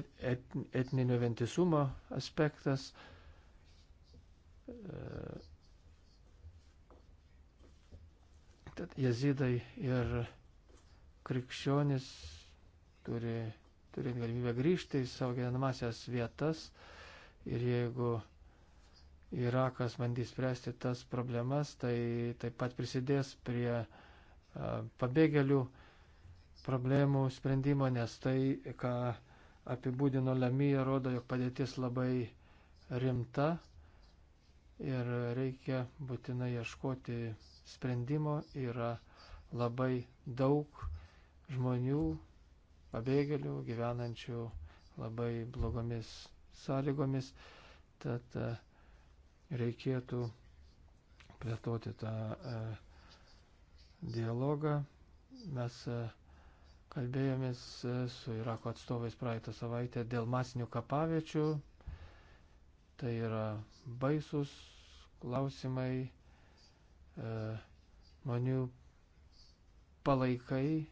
et, et, etninio ventisumo aspektas. E, tad jezidai ir krikščionis turi turėti galimybę grįžti į savo gyvenamasias vietas ir jeigu Irakas bandys spręsti tas problemas, tai taip pat prisidės prie pabėgėlių problemų sprendimo, nes tai, ką apibūdino Lemija, rodo, jog padėtis labai rimta ir reikia būtinai ieškoti sprendimo. Yra labai daug žmonių, pabėgėlių, gyvenančių labai blogomis sąlygomis. Tad, uh, reikėtų plėtoti tą e, dialogą. Mes e, kalbėjomės e, su Irako atstovais praeitą savaitę dėl masinių kapaviečių. Tai yra baisus klausimai, žmonių palaikai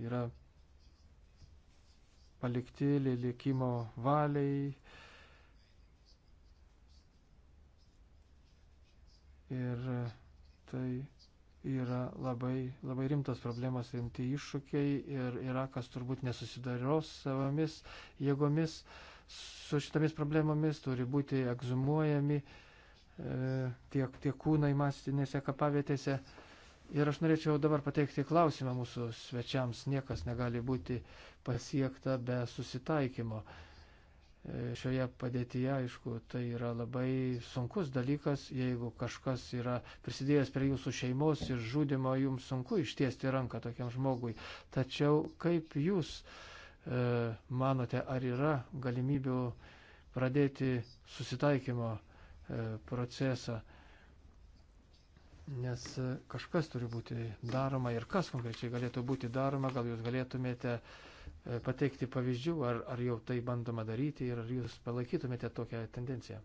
yra palikti likimo valiai. Ir tai yra labai, labai rimtos problemos, rimti iššūkiai ir yra, kas turbūt nesusidarios savomis jėgomis su šitomis problemomis, turi būti egzumuojami e, tiek, tiek kūnai mastinėse kapavietėse. E, Ir aš norėčiau dabar pateikti klausimą mūsų svečiams. Niekas negali būti pasiekta be susitaikymo. E, šioje padėtyje, aišku, tai yra labai sunkus dalykas, jeigu kažkas yra prisidėjęs prie jūsų šeimos ir žudimo, jums sunku ištiesti ranką tokiam žmogui. Tačiau kaip jūs e, manote, ar yra galimybių pradėti susitaikymo e, procesą? E, nes e, kažkas turi būti daroma ir kas konkrečiai galėtų būti daroma, gal jūs galėtumėte e, pateikti pavyzdžių, ar, ar jau tai bandoma daryti ir ar jūs palaikytumėte tokią tendenciją.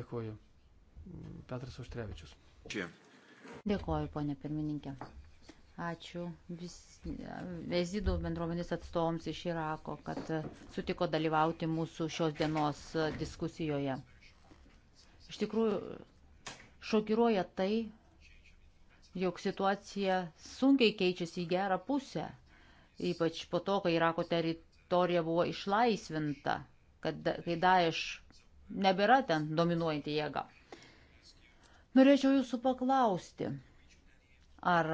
Dėkuoju. Petras Užtrevičius. Čia. Dėkuoju, ponė pirmininkė. Ačiū Vezidų bendruomenės atstovams iš Irako, kad e, sutiko dalyvauti mūsų šios dienos diskusijoje. Iš tikrųjų, Šokiruoja tai, jog situacija sunkiai keičiasi į gerą pusę, ypač po to, kai Irako teritorija buvo išlaisvinta, kad, kai Daesh nebėra ten dominuojanti jėga. Norėčiau jūsų paklausti, ar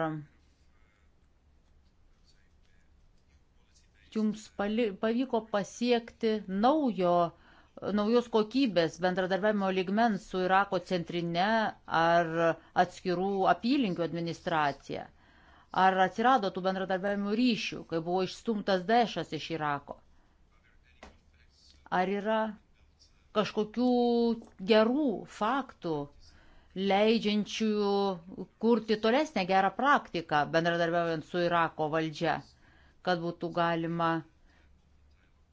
jums pali, pavyko pasiekti naujo naujos kokybės bendradarbiavimo ligmens su Irako centrine ar atskirų apylinkių administracija? Ar atsirado tų bendradarbiavimo ryšių, kai buvo išstumtas Daešas iš Irako? Ar yra kažkokių gerų faktų, leidžiančių kurti tolesnę gerą praktiką bendradarbiaujant su Irako valdžia, kad būtų galima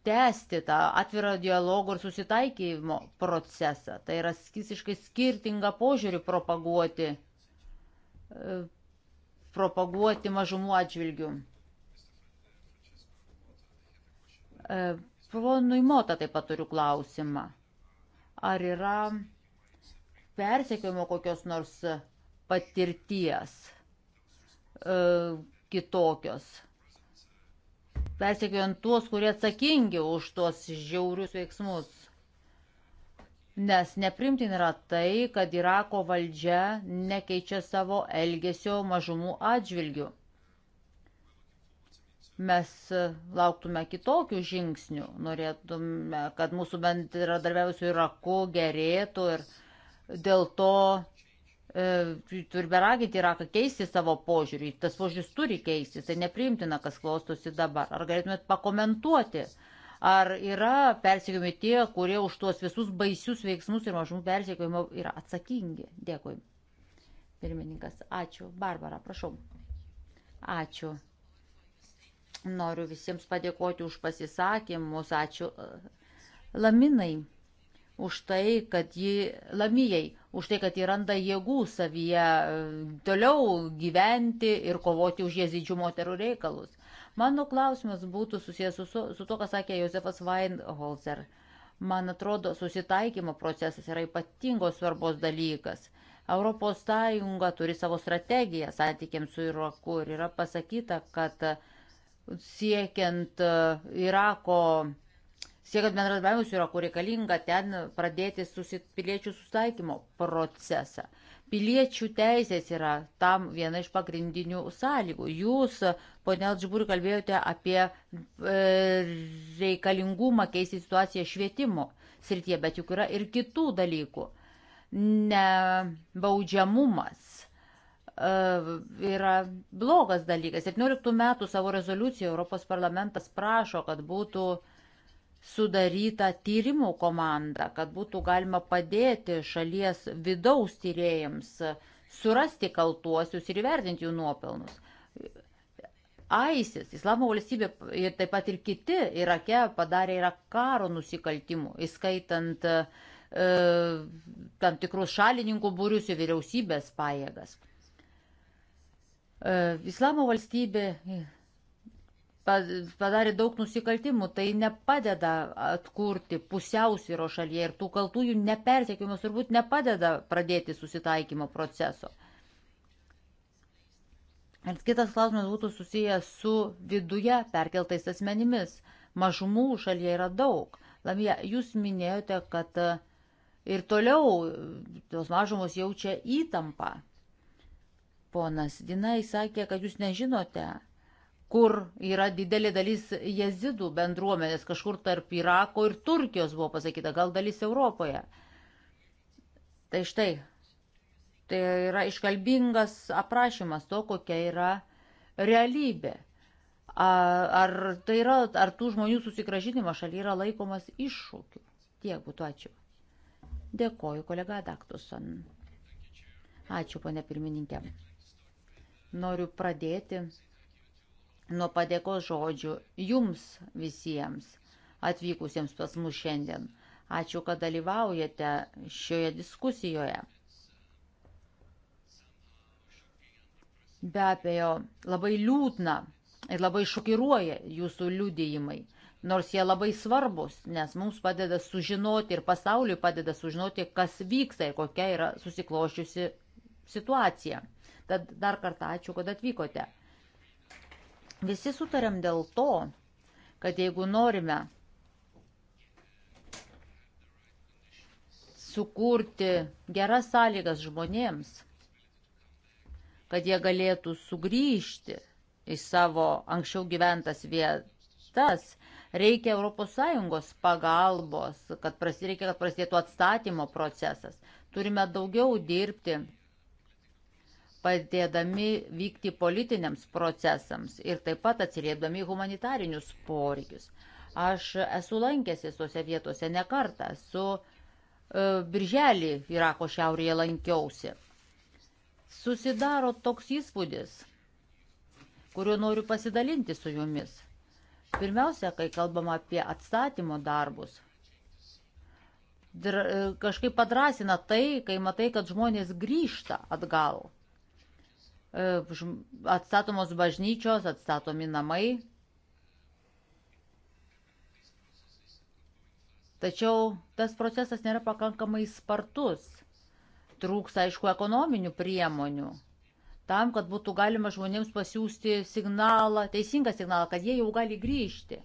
tęsti tą atvirą dialogų ir susitaikymo procesą. Tai yra visiškai skirtinga požiūrį propaguoti, e, propaguoti mažumų atžvilgių. E, Ponui Mota taip pat turiu klausimą. Ar yra persekiojimo kokios nors patirties e, kitokios? persekiojant tuos, kurie atsakingi už tuos žiaurius veiksmus. Nes neprimtin yra tai, kad Irako valdžia nekeičia savo elgesio mažumų atžvilgių. Mes lauktume kitokių žingsnių, norėtume, kad mūsų bendradarbiavimas su Iraku gerėtų ir dėl to E, turime raginti Iraką keisti savo požiūrį. Tas požiūris turi keistis, tai nepriimtina, kas klostosi dabar. Ar galėtumėt pakomentuoti, ar yra persekiojami tie, kurie už tuos visus baisius veiksmus ir mažumų persekiojimą yra atsakingi? Dėkui. Pirmininkas, ačiū. Barbara, prašau. Ačiū. Noriu visiems padėkoti už pasisakymus. Ačiū e, Laminai už tai, kad ji Lamijai už tai, kad įranda jėgų savyje e, toliau gyventi ir kovoti už jezidžių moterų reikalus. Mano klausimas būtų susijęs su, su to, ką sakė Josefas Weinholzer. Man atrodo, susitaikymo procesas yra ypatingos svarbos dalykas. ES turi savo strategiją santykiams su Iraku ir yra pasakyta, kad siekiant e, Irako siekiant bendradarbiavimo su Iraku reikalinga ten pradėti susit, piliečių susitaikymo procesą. Piliečių teisės yra tam viena iš pagrindinių sąlygų. Jūs, ponė Alžbūri, kalbėjote apie e, reikalingumą keisti situaciją švietimo srityje, bet juk yra ir kitų dalykų. Nebaudžiamumas e, yra blogas dalykas. 17 metų savo rezoliuciją Europos parlamentas prašo, kad būtų uh, sudaryta tyrimų komanda, kad būtų galima padėti šalies vidaus tyrėjams surasti kaltuosius ir įvertinti jų nuopelnus. ISIS, Islamo valstybė ir taip pat ir kiti Irake padarė yra karo nusikaltimų, įskaitant e, tam tikrus šalininkų būrius ir vyriausybės pajėgas. E, Islamo valstybė padarė daug nusikaltimų, tai nepadeda atkurti pusiausvyro šalyje ir tų kaltųjų nepersekimas turbūt nepadeda pradėti susitaikymo proceso. Ir kitas klausimas būtų susijęs su viduje perkeltais asmenimis. Mažumų šalyje yra daug. Lamija, jūs minėjote, kad e, ir toliau e, tos mažumos jaučia įtampą. Ponas Dinai sakė, kad jūs nežinote, kur yra didelė dalis jezidų bendruomenės, kažkur tarp Irako ir Turkijos buvo pasakyta, gal dalis Europoje. Tai štai, tai yra iškalbingas aprašymas to, kokia yra realybė. Ar, tai yra, ar tų žmonių susigražinimas šalyje yra laikomas iššūkiu? Tiek būtų ačiū. Dėkoju, kolega Daktuson. Ačiū, ponė pirmininkė. Noriu pradėti nuo padėkos žodžių jums visiems atvykusiems pas mus šiandien. Ačiū, kad dalyvaujate šioje diskusijoje. Be abejo, labai liūdna ir labai šokiruoja jūsų liudijimai, nors jie labai svarbus, nes mums padeda sužinoti ir pasauliui padeda sužinoti, kas vyksta ir kokia yra susiklošiusi situacija. Tad dar kartą ačiū, kad atvykote. Visi sutarėm dėl to, kad jeigu norime sukurti geras sąlygas žmonėms, kad jie galėtų sugrįžti į savo anksčiau gyventas vietas, reikia ES pagalbos, kad prasireikia, kad prasidėtų atstatymo procesas. Turime daugiau dirbti padėdami vykti politiniams procesams ir taip pat atsiliepdami humanitarinius poreikius. Aš esu lankęsis tose vietose ne kartą, su e, Birželį Irako šiaurėje lankiausi. Susidaro toks įspūdis, kuriuo noriu pasidalinti su jumis. Pirmiausia, kai kalbam apie atstatymo darbus, e, kažkaip padrasina tai, kai matai, kad žmonės grįžta atgal E, atstatomos bažnyčios, atstatomi namai. Tačiau tas procesas nėra pakankamai spartus. Trūks, aišku, ekonominių priemonių tam, kad būtų galima žmonėms pasiūsti signalą, teisingą signalą, kad jie jau gali grįžti.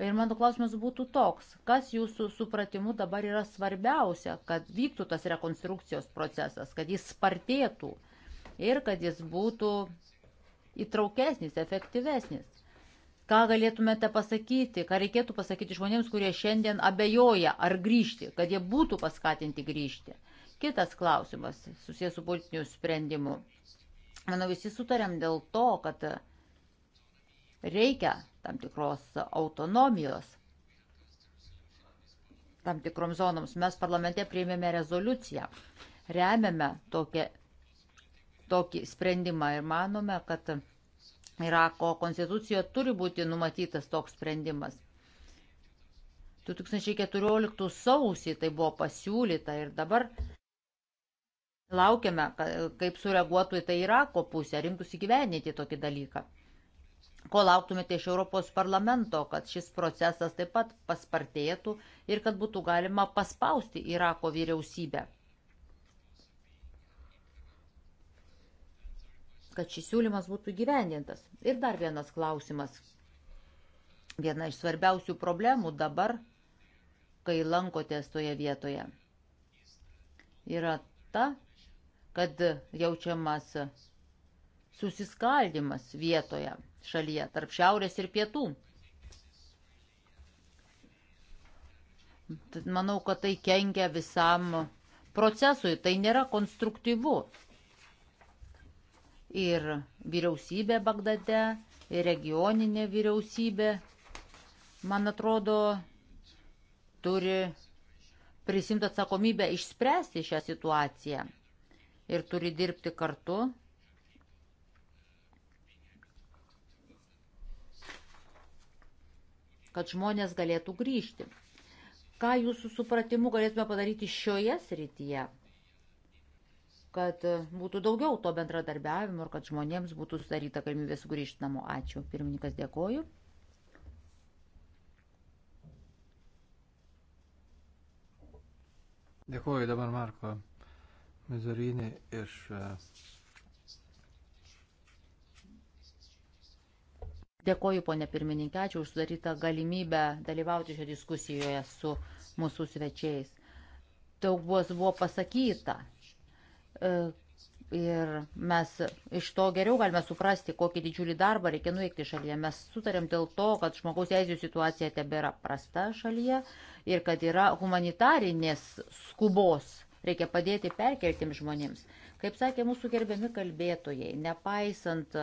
Ir mano klausimas būtų toks, kas jūsų supratimu dabar yra svarbiausia, kad vyktų tas rekonstrukcijos procesas, kad jis spartėtų, ir kad jis būtų įtraukesnis, efektyvesnis. Ką galėtumėte pasakyti, ką reikėtų pasakyti žmonėms, kurie šiandien abejoja ar grįžti, kad jie būtų paskatinti grįžti. Kitas klausimas susijęs su politiniu sprendimu. Manau, visi sutarėm dėl to, kad reikia tam tikros autonomijos tam tikroms zonoms. Mes parlamente priėmėme rezoliuciją, remiame tokią tokį sprendimą ir manome, kad Irako konstitucijoje turi būti numatytas toks sprendimas. 2014 sausį tai buvo pasiūlyta ir dabar laukiame, kaip sureaguotų į tai Irako pusę, rimtųsi gyveninti tokį dalyką. Ko lauktumėte iš Europos parlamento, kad šis procesas taip pat paspartėtų ir kad būtų galima paspausti Irako vyriausybę kad šis siūlymas būtų gyvendintas. Ir dar vienas klausimas. Viena iš svarbiausių problemų dabar, kai lankotės toje vietoje, yra ta, kad jaučiamas susiskaldimas vietoje šalyje tarp šiaurės ir pietų. Manau, kad tai kenkia visam procesui, tai nėra konstruktyvu ir vyriausybė Bagdade, ir regioninė vyriausybė, man atrodo, turi prisimti atsakomybę išspręsti šią situaciją ir turi dirbti kartu. kad žmonės galėtų grįžti. Ką jūsų supratimu galėtume padaryti šioje srityje? kad e, būtų daugiau to bendradarbiavimo ir kad žmonėms būtų sudaryta galimybė sugrįžti namo. Ačiū. Pirmininkas dėkoju. Dėkoju dabar Marko Mizurinį iš. E, dėkoju, ponė pirmininkė, ačiū už sudarytą galimybę dalyvauti šioje diskusijoje su mūsų svečiais. Daug buvo pasakyta, E, ir mes iš to geriau galime suprasti, kokį didžiulį darbą reikia nuveikti šalyje. Mes sutarėm dėl to, kad žmogaus teisų situacija tebėra prasta šalyje ir kad yra humanitarinės skubos. Reikia padėti perkeltim žmonėms. Kaip sakė mūsų gerbiami kalbėtojai, nepaisant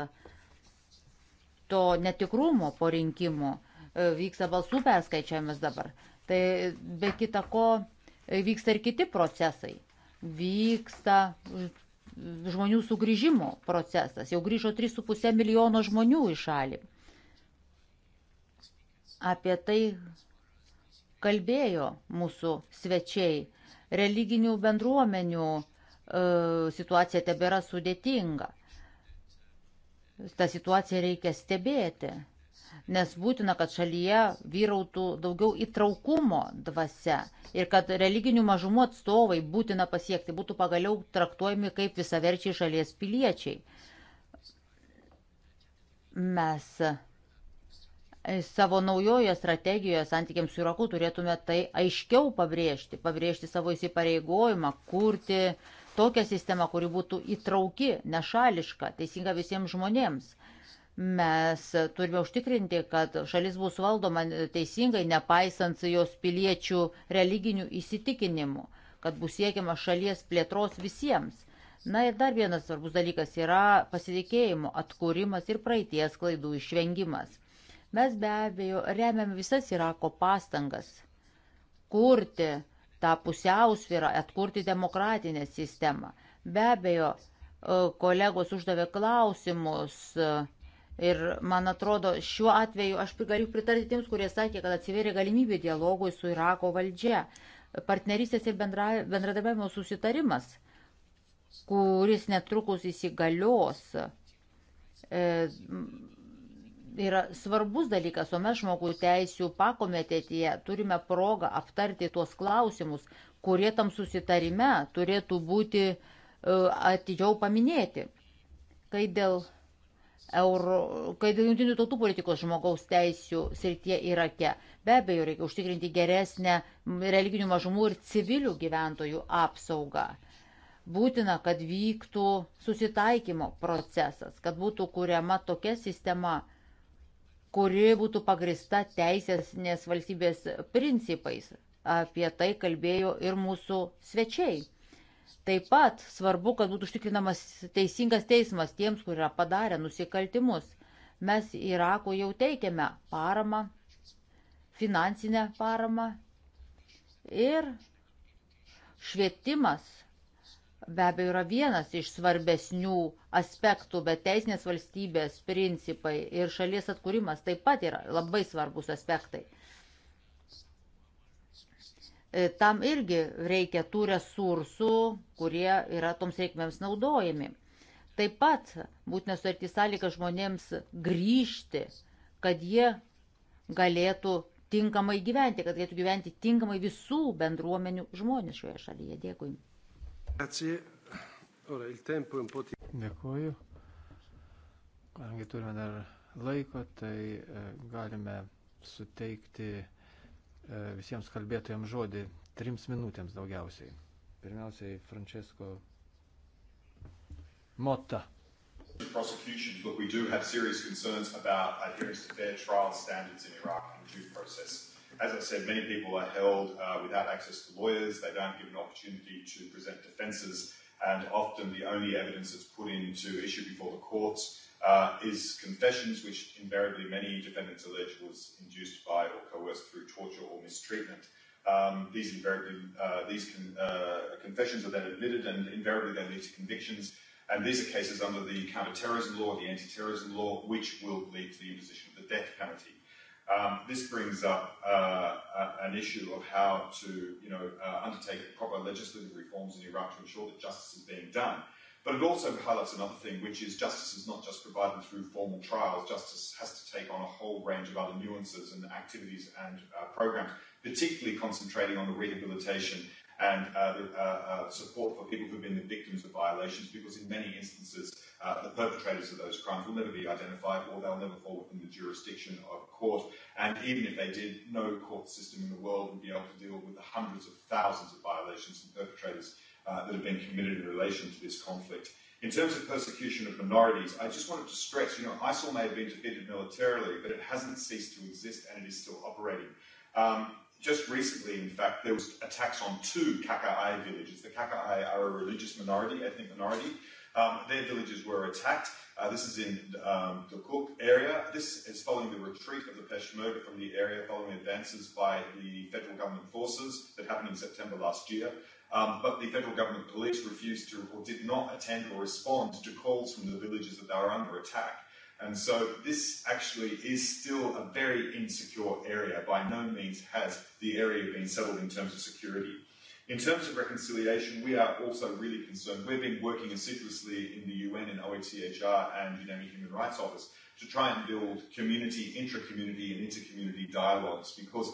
to netikrumo po rinkimų, e, vyksta balsų perskaičiavimas dabar. Tai be kita ko e, vyksta ir kiti procesai vyksta žmonių sugrįžimo procesas. Jau grįžo 3,5 milijono žmonių į šalį. Apie tai kalbėjo mūsų svečiai. Religinių bendruomenių e, situacija tebėra sudėtinga. Ta situacija reikia stebėti nes būtina, kad šalyje vyrautų daugiau įtraukumo dvasia ir kad religinių mažumų atstovai būtina pasiekti būtų pagaliau traktuojami kaip visaverčiai šalies piliečiai. Mes e, savo naujoje strategijoje santykiams su Iraku turėtume tai aiškiau pabrėžti, pabrėžti savo įsipareigojimą, kurti tokią sistemą, kuri būtų įtrauki, nešališka, teisinga visiems žmonėms Mes turime užtikrinti, kad šalis bus valdoma teisingai, nepaisant jos piliečių religinių įsitikinimų, kad bus siekiama šalies plėtros visiems. Na ir dar vienas svarbus dalykas yra pasitikėjimo atkūrimas ir praeities klaidų išvengimas. Mes be abejo remiam visas Irako pastangas kurti tą pusiausvyrą, atkurti demokratinę sistemą. Be abejo, e, kolegos uždavė klausimus e, Ir man atrodo, šiuo atveju aš galiu pritarti tiems, kurie sakė, kad atsiveria galimybė dialogui su Irako valdžia. Partnerystės ir bendra, bendradarbiavimo susitarimas, kuris netrukus įsigalios, e, yra svarbus dalykas, o mes žmogų teisų pakomitėtėje turime progą aptarti tuos klausimus, kurie tam susitarime turėtų būti e, atidžiau paminėti. Kai dėl Euro, kai dėl jungtinių tautų politikos žmogaus teisų srityje Irake. Be abejo, reikia užtikrinti geresnę religinių mažumų ir civilių gyventojų apsaugą. Būtina, kad vyktų susitaikymo procesas, kad būtų kuriama tokia sistema, kuri būtų pagrista teisės valstybės principais. Apie tai kalbėjo ir mūsų svečiai. Taip pat svarbu, kad būtų užtikrinamas teisingas teismas tiems, kurie yra padarę nusikaltimus. Mes Irako jau teikiame paramą, finansinę paramą ir švietimas be abejo yra vienas iš svarbesnių aspektų, bet teisinės valstybės principai ir šalies atkūrimas taip pat yra labai svarbus aspektai. E, tam irgi reikia tų resursų, kurie yra toms reikmėms naudojami. Taip pat būtina sudaryti sąlygą žmonėms grįžti, kad jie galėtų tinkamai gyventi, kad galėtų gyventi tinkamai visų bendruomenių žmonės šioje šalyje. Dėkui. Dėkuoju. Kadangi turime dar laiko, tai e, galime suteikti E, visiems kalbėtojams žodį trims minutėms daugiausiai. Pirmiausiai Francesco Motta. Prosecution, but we do have serious concerns about adherence to fair trial standards in Iraq and due process. As I said, many people are held uh, without access to lawyers, they don't give an opportunity to present defences, and often the only evidence that's put into issue before the courts uh, is confessions, which invariably many defendants allege was induced by or coerced through torture or mistreatment. Um, these invariably, uh, these con- uh, confessions are then admitted, and invariably they lead to convictions. And these are cases under the counterterrorism law, the anti-terrorism law, which will lead to the imposition of the death penalty. Um, this brings up uh, a, an issue of how to, you know, uh, undertake proper legislative reforms in Iraq to ensure that justice is being done. Uh, But it also highlights another thing, which is justice is not just provided through formal trials. Justice has to take on a whole range of other nuances and activities and uh, programs, particularly concentrating on the rehabilitation and uh, the uh, uh, support for people who've been the victims of violations, because in many instances, uh, the perpetrators of those crimes will never be identified or they'll never fall within the jurisdiction of a court. And even if they did, no court system in the world would be able to deal with the hundreds of thousands of violations and perpetrators uh, that have been committed in relation to this conflict. In terms of persecution of minorities, I just wanted to stress, you know, ISIL may have been defeated militarily, but it hasn't ceased to exist and it is still operating. Um, just recently, in fact, there was attacks on two Kaka'ai villages. The Kaka'ai are a religious minority, ethnic minority. Um, their villages were attacked. Uh, this is in um, the Kuk area. This is following the retreat of the Peshmerga from the area, following advances by the federal government forces that happened in September last year um, but the federal government police refused to or did not attend or respond to calls from the villages that they were under attack. And so this actually is still a very insecure area. By no means has the area been settled in terms of security. In terms of reconciliation, we are also really concerned. We've been working assiduously in the UN and OETHR and UNAMI Human Rights Office to try and build community, intra-community and inter-community dialogues because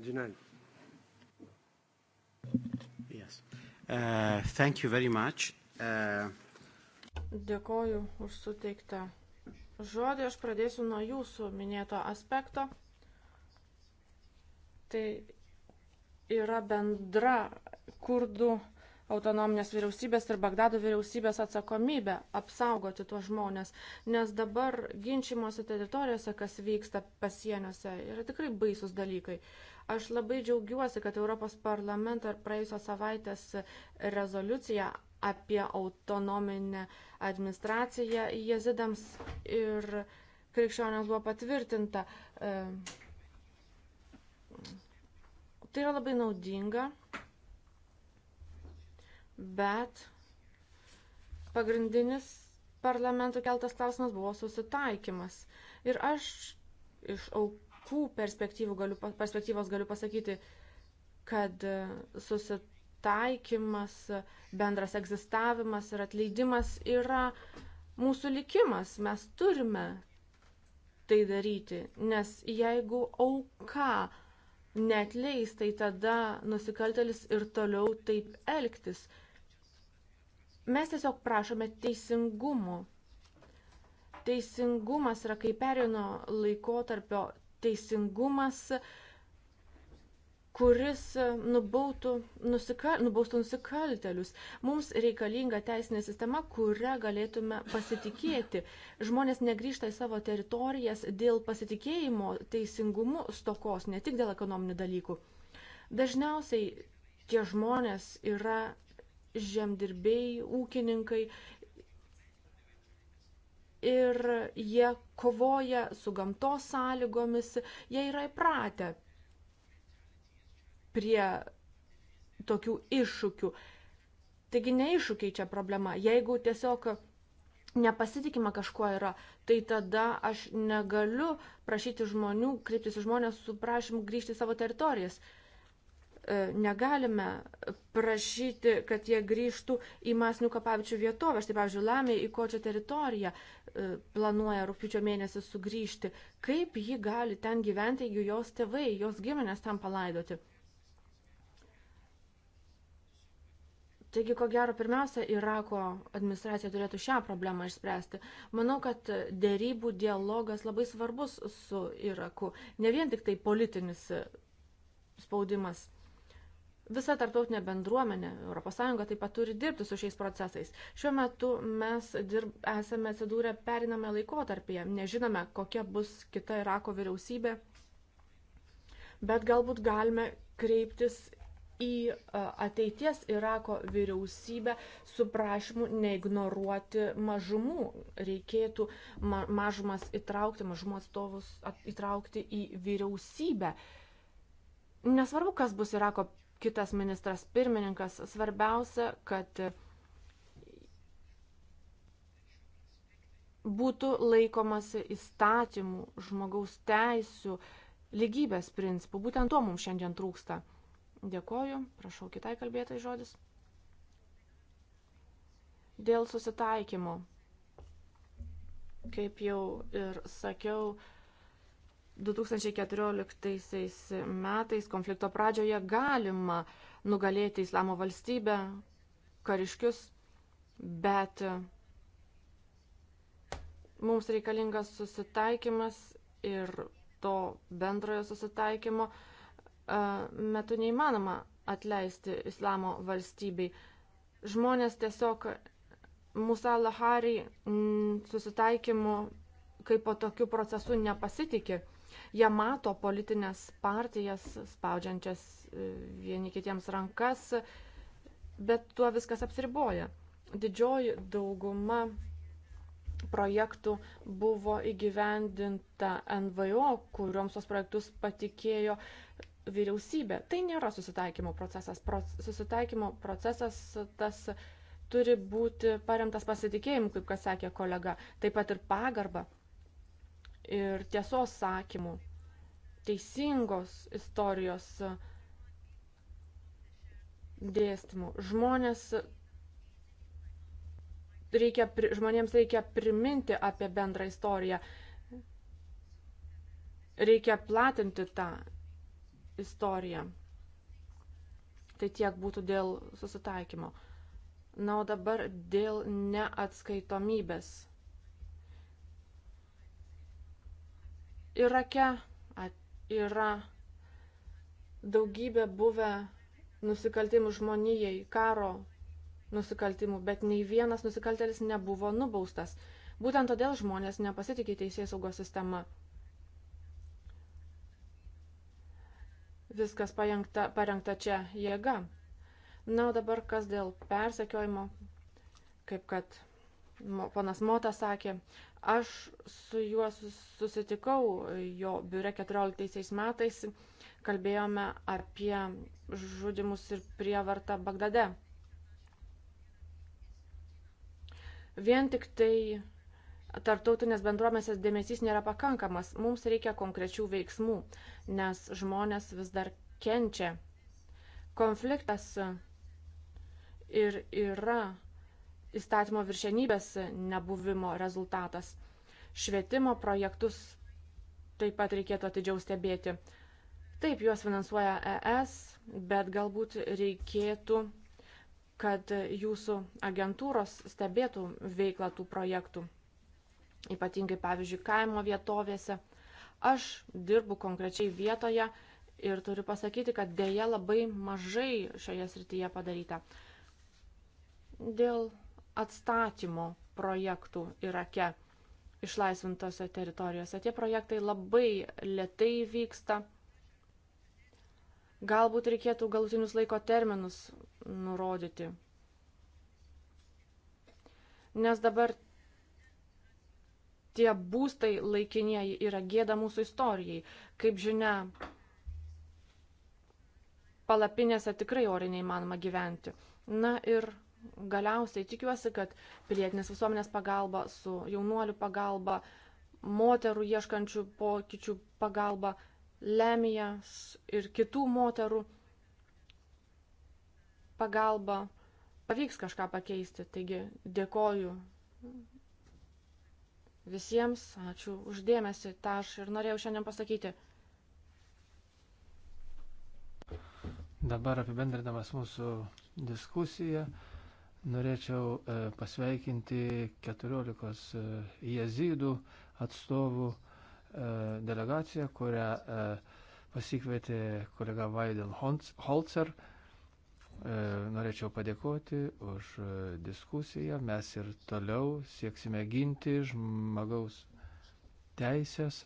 Ginan. Yes. Uh, thank you very much. Uh... Dėkoju už suteiktą žodį. Aš pradėsiu nuo jūsų minėto aspekto. Tai yra bendra kurdų autonominės vyriausybės ir Bagdado vyriausybės atsakomybė apsaugoti tuos žmonės, nes dabar ginčimuose teritorijose, kas vyksta pasieniuose, yra tikrai baisus dalykai. Uh, Aš labai džiaugiuosi, kad Europos parlamento ir praėjusios savaitės rezoliucija apie autonominę administraciją jezidams ir krikščionėms buvo patvirtinta. Ehm, tai yra labai naudinga, bet pagrindinis parlamentų keltas klausimas buvo susitaikymas. Ir aš iš aukų vaikų galiu, perspektyvos galiu pasakyti, kad e, susitaikymas, bendras egzistavimas ir atleidimas yra mūsų likimas. Mes turime tai daryti, nes jeigu auka netleis, tai tada nusikaltelis ir toliau taip elgtis. Mes tiesiog prašome teisingumo. Teisingumas yra, kai perėjo nuo laikotarpio teisingumas, kuris nubautų, nusikal, nubaustų nusikaltelius. Mums reikalinga teisinė sistema, kurią galėtume pasitikėti. Žmonės negrįžta į savo teritorijas dėl pasitikėjimo teisingumu stokos, ne tik dėl ekonominių dalykų. Dažniausiai tie žmonės yra žemdirbiai, ūkininkai ir jie kovoja su gamtos sąlygomis, jie yra įpratę prie tokių iššūkių. Taigi ne iššūkiai čia problema. Jeigu tiesiog nepasitikima kažkuo yra, tai tada aš negaliu prašyti žmonių, kreiptis į žmonės su prašymu grįžti į savo teritorijas. Uh, E, negalime prašyti, kad jie grįžtų į masinių kapavičių vietovę. Štai, pavyzdžiui, Lamė į kočią teritoriją e, planuoja rūpiučio mėnesį sugrįžti. Kaip ji gali ten gyventi, jeigu jos tėvai, jos giminės tam palaidoti? Taigi, ko gero, pirmiausia, Irako administracija turėtų šią problemą išspręsti. Manau, kad dėrybų dialogas labai svarbus su Iraku. Ne vien tik tai politinis spaudimas. Visa tarptautinė bendruomenė, ES taip pat turi dirbti su šiais procesais. Šiuo metu mes dirb, esame atsidūrę periname laikotarpyje, nežinome, kokia bus kita Irako vyriausybė, bet galbūt galime kreiptis į ateities Irako vyriausybę su prašymu neignoruoti mažumų. Reikėtų mažumas įtraukti, mažumų atstovus įtraukti į vyriausybę. Nesvarbu, kas bus Irako kitas ministras pirmininkas. Svarbiausia, kad būtų laikomasi įstatymų, žmogaus teisų, lygybės principų. Būtent to mums šiandien trūksta. Dėkoju, prašau kitai kalbėtai žodis. Dėl susitaikymo. Kaip jau ir sakiau, 2014 metais konflikto pradžioje galima nugalėti Islamo valstybę, kariškius, bet mums reikalingas susitaikymas ir to bendrojo susitaikymo e, metu neįmanoma atleisti Islamo valstybei. Žmonės tiesiog Musa Lahari susitaikymu kaip po tokiu procesu nepasitikė. Jie mato politinės partijas spaudžiančias e, vieni kitiems rankas, bet tuo viskas apsiriboja. Didžioji dauguma projektų buvo įgyvendinta NVO, kuriuoms tos projektus patikėjo vyriausybė. Tai nėra susitaikymo procesas. Pro, susitaikymo procesas tas turi būti paremtas pasitikėjimu, kaip kas sakė kolega, taip pat ir pagarba ir tiesos sakymų, teisingos istorijos e, dėstymų. Žmonės reikia, žmonėms reikia priminti apie bendrą istoriją. Reikia platinti tą istoriją. Tai tiek būtų dėl susitaikymo. Na, o dabar dėl neatskaitomybės. Irake yra daugybė buvę nusikaltimų žmonijai, karo nusikaltimų, bet nei vienas nusikaltelis nebuvo nubaustas. Būtent todėl žmonės nepasitikė teisės saugos sistema. Viskas parengta, parengta čia jėga. Na, o dabar kas dėl persekiojimo, kaip kad ponas Mota sakė, aš su juo susitikau jo biure 14 metais, kalbėjome apie žudimus ir prievartą Bagdade. Vien tik tai tartautinės bendruomenės dėmesys nėra pakankamas, mums reikia konkrečių veiksmų, nes žmonės vis dar kenčia. Konfliktas ir yra įstatymo viršenybės nebuvimo rezultatas. Švietimo projektus taip pat reikėtų atidžiau stebėti. Taip, juos finansuoja ES, bet galbūt reikėtų, kad jūsų agentūros stebėtų veiklą tų projektų, ypatingai, pavyzdžiui, kaimo vietovėse. Aš dirbu konkrečiai vietoje ir turiu pasakyti, kad dėja labai mažai šioje srityje padaryta. Dėl atstatymo projektų Irake išlaisvintose teritorijose. Tie projektai labai lietai vyksta. Galbūt reikėtų galutinius laiko terminus nurodyti. Nes dabar tie būstai laikinieji yra gėda mūsų istorijai. Kaip žinia, palapinėse tikrai oriai neįmanoma gyventi. Na ir Galiausiai tikiuosi, kad pilietinės visuomenės pagalba, su jaunuoliu pagalba, moterų ieškančių pokyčių pagalba, lemijas ir kitų moterų pagalba pavyks kažką pakeisti. Taigi dėkoju visiems, ačiū uždėmesi, tą aš ir norėjau šiandien pasakyti. Dabar apibendrinamas mūsų diskusiją. Norėčiau e, pasveikinti 14 e, jezydų atstovų e, delegaciją, kurią pasikvietė kolega Vaidel Holzer. Norėčiau padėkoti už diskusiją. Mes ir toliau sieksime ginti žmogaus teisės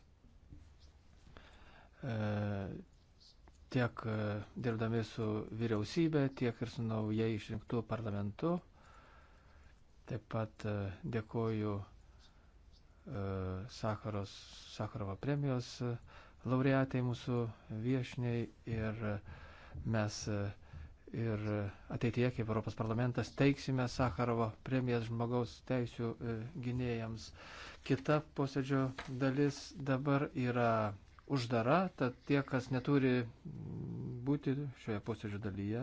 tiek e, dirbdami su vyriausybė, tiek ir su naujai išrinktų parlamentu. Taip pat e, dėkoju e, Sakaros, Sakarovo premijos laureatai mūsų viešniai ir mes ir ateityje, kaip Europos parlamentas, teiksime Sakarovo premijas žmogaus teisų gynėjams. Kita posėdžio dalis dabar yra uždara, tad tie, kas neturi būti šioje posėdžio dalyje,